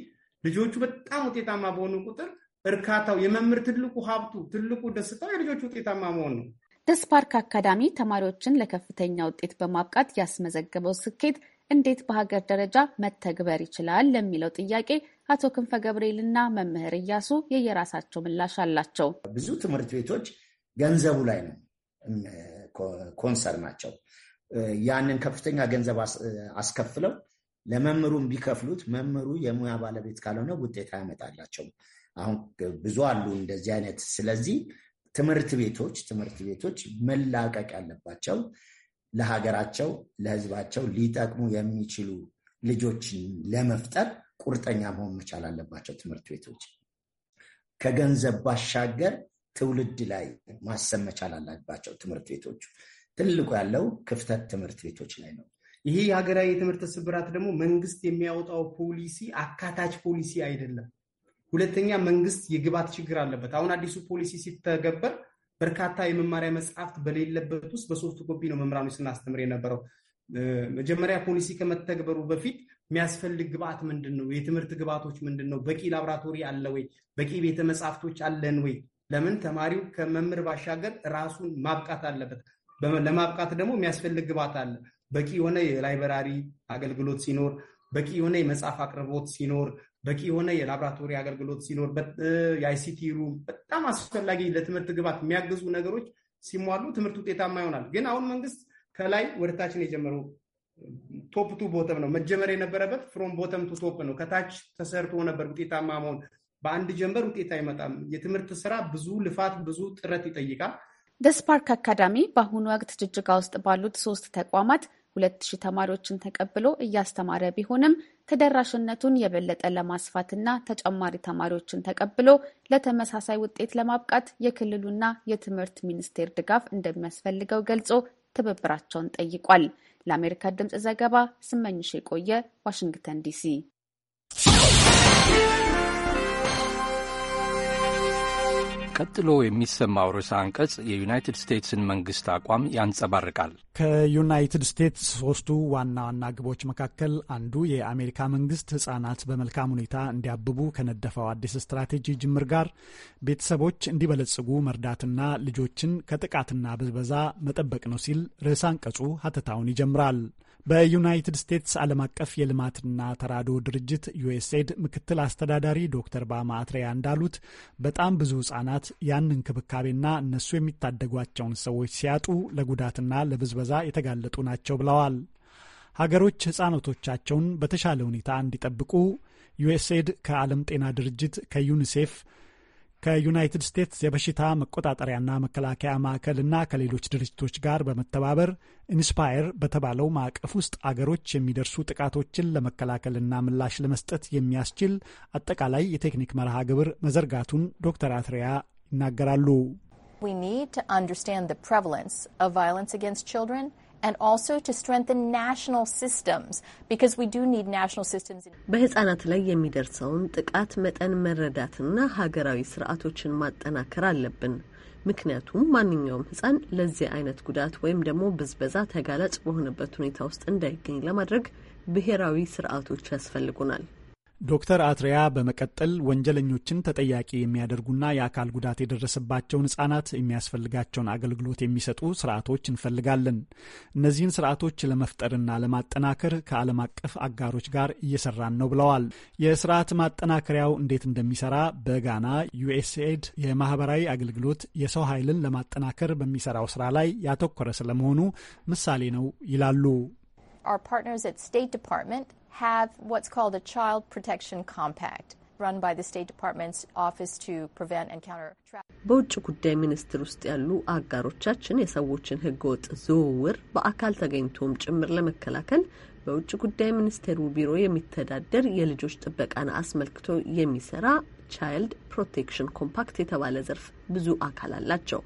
ልጆቹ በጣም ውጤታማ በሆኑ ቁጥር እርካታው የመምህር ትልቁ ሀብቱ፣ ትልቁ ደስታው የልጆቹ ውጤታማ መሆን ነው። ደስ አካዳሚ ተማሪዎችን ለከፍተኛ ውጤት በማብቃት ያስመዘገበው ስኬት እንዴት በሀገር ደረጃ መተግበር ይችላል ለሚለው ጥያቄ አቶ ክንፈ ገብርኤልና መምህር እያሱ የየራሳቸው ምላሽ አላቸው። ብዙ ትምህርት ቤቶች ገንዘቡ ላይ ነው ኮንሰር ናቸው። ያንን ከፍተኛ ገንዘብ አስከፍለው ለመምህሩም ቢከፍሉት መምህሩ የሙያ ባለቤት ካልሆነ ውጤት አያመጣላቸውም። አሁን ብዙ አሉ እንደዚህ አይነት። ስለዚህ ትምህርት ቤቶች ትምህርት ቤቶች መላቀቅ ያለባቸው ለሀገራቸው ለሕዝባቸው ሊጠቅሙ የሚችሉ ልጆችን ለመፍጠር ቁርጠኛ መሆን መቻል አለባቸው ትምህርት ቤቶች። ከገንዘብ ባሻገር ትውልድ ላይ ማሰብ መቻል አለባቸው ትምህርት ቤቶች። ትልቁ ያለው ክፍተት ትምህርት ቤቶች ላይ ነው። ይሄ የሀገራዊ የትምህርት ስብራት ደግሞ መንግስት የሚያወጣው ፖሊሲ አካታች ፖሊሲ አይደለም። ሁለተኛ መንግስት የግብዓት ችግር አለበት። አሁን አዲሱ ፖሊሲ ሲተገበር በርካታ የመማሪያ መጽሐፍት በሌለበት ውስጥ በሶፍት ኮፒ ነው መምህራኖች ስናስተምር የነበረው። መጀመሪያ ፖሊሲ ከመተግበሩ በፊት የሚያስፈልግ ግብዓት ምንድን ነው? የትምህርት ግብዓቶች ምንድን ነው? በቂ ላብራቶሪ አለ ወይ? በቂ ቤተ መጽሐፍቶች አለን ወይ? ለምን ተማሪው ከመምህር ባሻገር ራሱን ማብቃት አለበት። ለማብቃት ደግሞ የሚያስፈልግ ግብዓት አለ። በቂ የሆነ የላይብራሪ አገልግሎት ሲኖር፣ በቂ የሆነ የመጽሐፍ አቅርቦት ሲኖር፣ በቂ የሆነ የላብራቶሪ አገልግሎት ሲኖር፣ የአይሲቲ ሩም በጣም አስፈላጊ ለትምህርት ግብዓት የሚያግዙ ነገሮች ሲሟሉ ትምህርት ውጤታማ ይሆናል። ግን አሁን መንግስት ከላይ ወደታችን የጀመረው ቶፕ ቱ ቦተም ነው። መጀመር የነበረበት ፍሮም ቦተም ቱ ቶፕ ነው። ከታች ተሰርቶ ነበር ውጤታማ መሆን በአንድ ጀንበር ውጤት አይመጣም። የትምህርት ስራ ብዙ ልፋት፣ ብዙ ጥረት ይጠይቃል። ደስፓርክ አካዳሚ በአሁኑ ወቅት ጅጅጋ ውስጥ ባሉት ሶስት ተቋማት ሁለት ሺህ ተማሪዎችን ተቀብሎ እያስተማረ ቢሆንም ተደራሽነቱን የበለጠ ለማስፋትና ተጨማሪ ተማሪዎችን ተቀብሎ ለተመሳሳይ ውጤት ለማብቃት የክልሉና የትምህርት ሚኒስቴር ድጋፍ እንደሚያስፈልገው ገልጾ ትብብራቸውን ጠይቋል። ለአሜሪካ ድምፅ ዘገባ ስመኝሽ የቆየ ዋሽንግተን ዲሲ። ቀጥሎ የሚሰማው ርዕሰ አንቀጽ የዩናይትድ ስቴትስን መንግስት አቋም ያንጸባርቃል። ከዩናይትድ ስቴትስ ሶስቱ ዋና ዋና ግቦች መካከል አንዱ የአሜሪካ መንግስት ህጻናት በመልካም ሁኔታ እንዲያብቡ ከነደፈው አዲስ ስትራቴጂ ጅምር ጋር ቤተሰቦች እንዲበለጽጉ መርዳትና ልጆችን ከጥቃትና ብዝበዛ መጠበቅ ነው ሲል ርዕሰ አንቀጹ ሀተታውን ይጀምራል። በዩናይትድ ስቴትስ ዓለም አቀፍ የልማትና ተራድኦ ድርጅት ዩኤስኤድ ምክትል አስተዳዳሪ ዶክተር ባማ አትሬያ እንዳሉት በጣም ብዙ ህጻናት ያን እንክብካቤና እነሱ የሚታደጓቸውን ሰዎች ሲያጡ ለጉዳትና ለብዝበዛ የተጋለጡ ናቸው ብለዋል። ሀገሮች ህጻናቶቻቸውን በተሻለ ሁኔታ እንዲጠብቁ ዩኤስኤድ ከዓለም ጤና ድርጅት ከዩኒሴፍ ከዩናይትድ ስቴትስ የበሽታ መቆጣጠሪያና መከላከያ ማዕከልና ከሌሎች ድርጅቶች ጋር በመተባበር ኢንስፓየር በተባለው ማዕቀፍ ውስጥ አገሮች የሚደርሱ ጥቃቶችን ለመከላከልና ምላሽ ለመስጠት የሚያስችል አጠቃላይ የቴክኒክ መርሃ ግብር መዘርጋቱን ዶክተር አትሪያ ይናገራሉ። We need to understand the prevalence of violence against children በህፃናት ላይ የሚደርሰውን ጥቃት መጠን መረዳትና ሀገራዊ ስርዓቶችን ማጠናከር አለብን። ምክንያቱም ማንኛውም ህፃን ለዚህ አይነት ጉዳት ወይም ደግሞ ብዝበዛ ተጋላጭ በሆነበት ሁኔታ ውስጥ እንዳይገኝ ለማድረግ ብሔራዊ ስርዓቶች ያስፈልጉናል። ዶክተር አትሪያ በመቀጠል ወንጀለኞችን ተጠያቂ የሚያደርጉና የአካል ጉዳት የደረሰባቸውን ህጻናት የሚያስፈልጋቸውን አገልግሎት የሚሰጡ ስርዓቶች እንፈልጋለን። እነዚህን ስርዓቶች ለመፍጠርና ለማጠናከር ከዓለም አቀፍ አጋሮች ጋር እየሰራን ነው ብለዋል። የስርዓት ማጠናከሪያው እንዴት እንደሚሰራ በጋና ዩኤስኤድ የማህበራዊ አገልግሎት የሰው ኃይልን ለማጠናከር በሚሰራው ስራ ላይ ያተኮረ ስለመሆኑ ምሳሌ ነው ይላሉ። Our partners at State Department have what's called a Child Protection Compact. በውጭ ጉዳይ ሚኒስቴር ውስጥ ያሉ አጋሮቻችን የሰዎችን ህገወጥ ዝውውር በአካል ተገኝቶም ጭምር ለመከላከል በውጭ ጉዳይ ሚኒስቴሩ ቢሮ የሚተዳደር የልጆች ጥበቃን አስመልክቶ የሚሰራ ቻይልድ ፕሮቴክሽን ኮምፓክት የተባለ ዘርፍ ብዙ አካል አላቸው።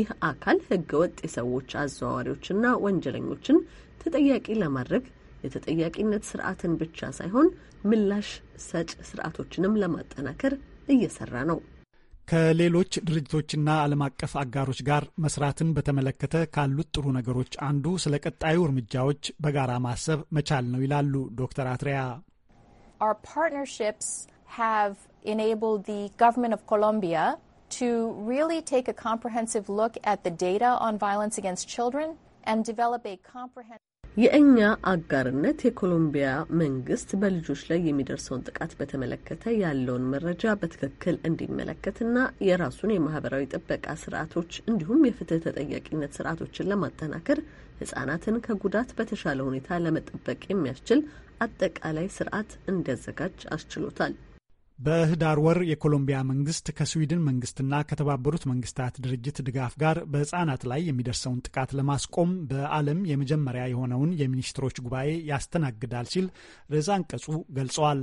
ይህ አካል ህገወጥ የሰዎች አዘዋዋሪዎችና ወንጀለኞችን ተጠያቂ ለማድረግ የተጠያቂነት ስርዓትን ብቻ ሳይሆን ምላሽ ሰጭ ስርዓቶችንም ለማጠናከር እየሰራ ነው። ከሌሎች ድርጅቶችና ዓለም አቀፍ አጋሮች ጋር መስራትን በተመለከተ ካሉት ጥሩ ነገሮች አንዱ ስለ ቀጣዩ እርምጃዎች በጋራ ማሰብ መቻል ነው ይላሉ ዶክተር አትሪያ። የእኛ አጋርነት የኮሎምቢያ መንግስት በልጆች ላይ የሚደርሰውን ጥቃት በተመለከተ ያለውን መረጃ በትክክል እንዲመለከትና የራሱን የማህበራዊ ጥበቃ ስርዓቶች እንዲሁም የፍትህ ተጠያቂነት ስርዓቶችን ለማጠናከር ህጻናትን ከጉዳት በተሻለ ሁኔታ ለመጠበቅ የሚያስችል አጠቃላይ ስርዓት እንዲያዘጋጅ አስችሎታል። በህዳር ወር የኮሎምቢያ መንግስት ከስዊድን መንግስትና ከተባበሩት መንግስታት ድርጅት ድጋፍ ጋር በህጻናት ላይ የሚደርሰውን ጥቃት ለማስቆም በዓለም የመጀመሪያ የሆነውን የሚኒስትሮች ጉባኤ ያስተናግዳል ሲል ርዕሰ አንቀጹ ገልጸዋል።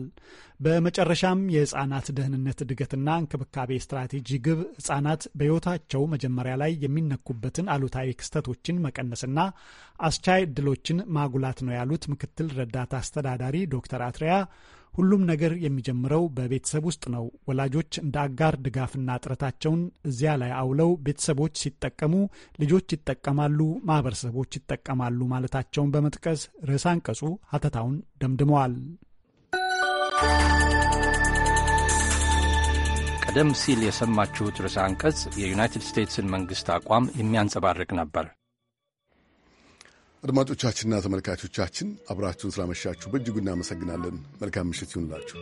በመጨረሻም የህጻናት ደህንነት እድገትና እንክብካቤ ስትራቴጂ ግብ ህጻናት በህይወታቸው መጀመሪያ ላይ የሚነኩበትን አሉታዊ ክስተቶችን መቀነስና አስቻይ ዕድሎችን ማጉላት ነው ያሉት ምክትል ረዳት አስተዳዳሪ ዶክተር አትሪያ ሁሉም ነገር የሚጀምረው በቤተሰብ ውስጥ ነው። ወላጆች እንደ አጋር ድጋፍና ጥረታቸውን እዚያ ላይ አውለው ቤተሰቦች ሲጠቀሙ ልጆች ይጠቀማሉ፣ ማህበረሰቦች ይጠቀማሉ ማለታቸውን በመጥቀስ ርዕሰ አንቀጹ ሀተታውን ደምድመዋል። ቀደም ሲል የሰማችሁት ርዕሰ አንቀጽ የዩናይትድ ስቴትስን መንግስት አቋም የሚያንጸባርቅ ነበር። አድማጮቻችንና ተመልካቾቻችን አብራችሁን ስላመሻችሁ በእጅጉ እናመሰግናለን። መልካም ምሽት ይሁንላችሁ።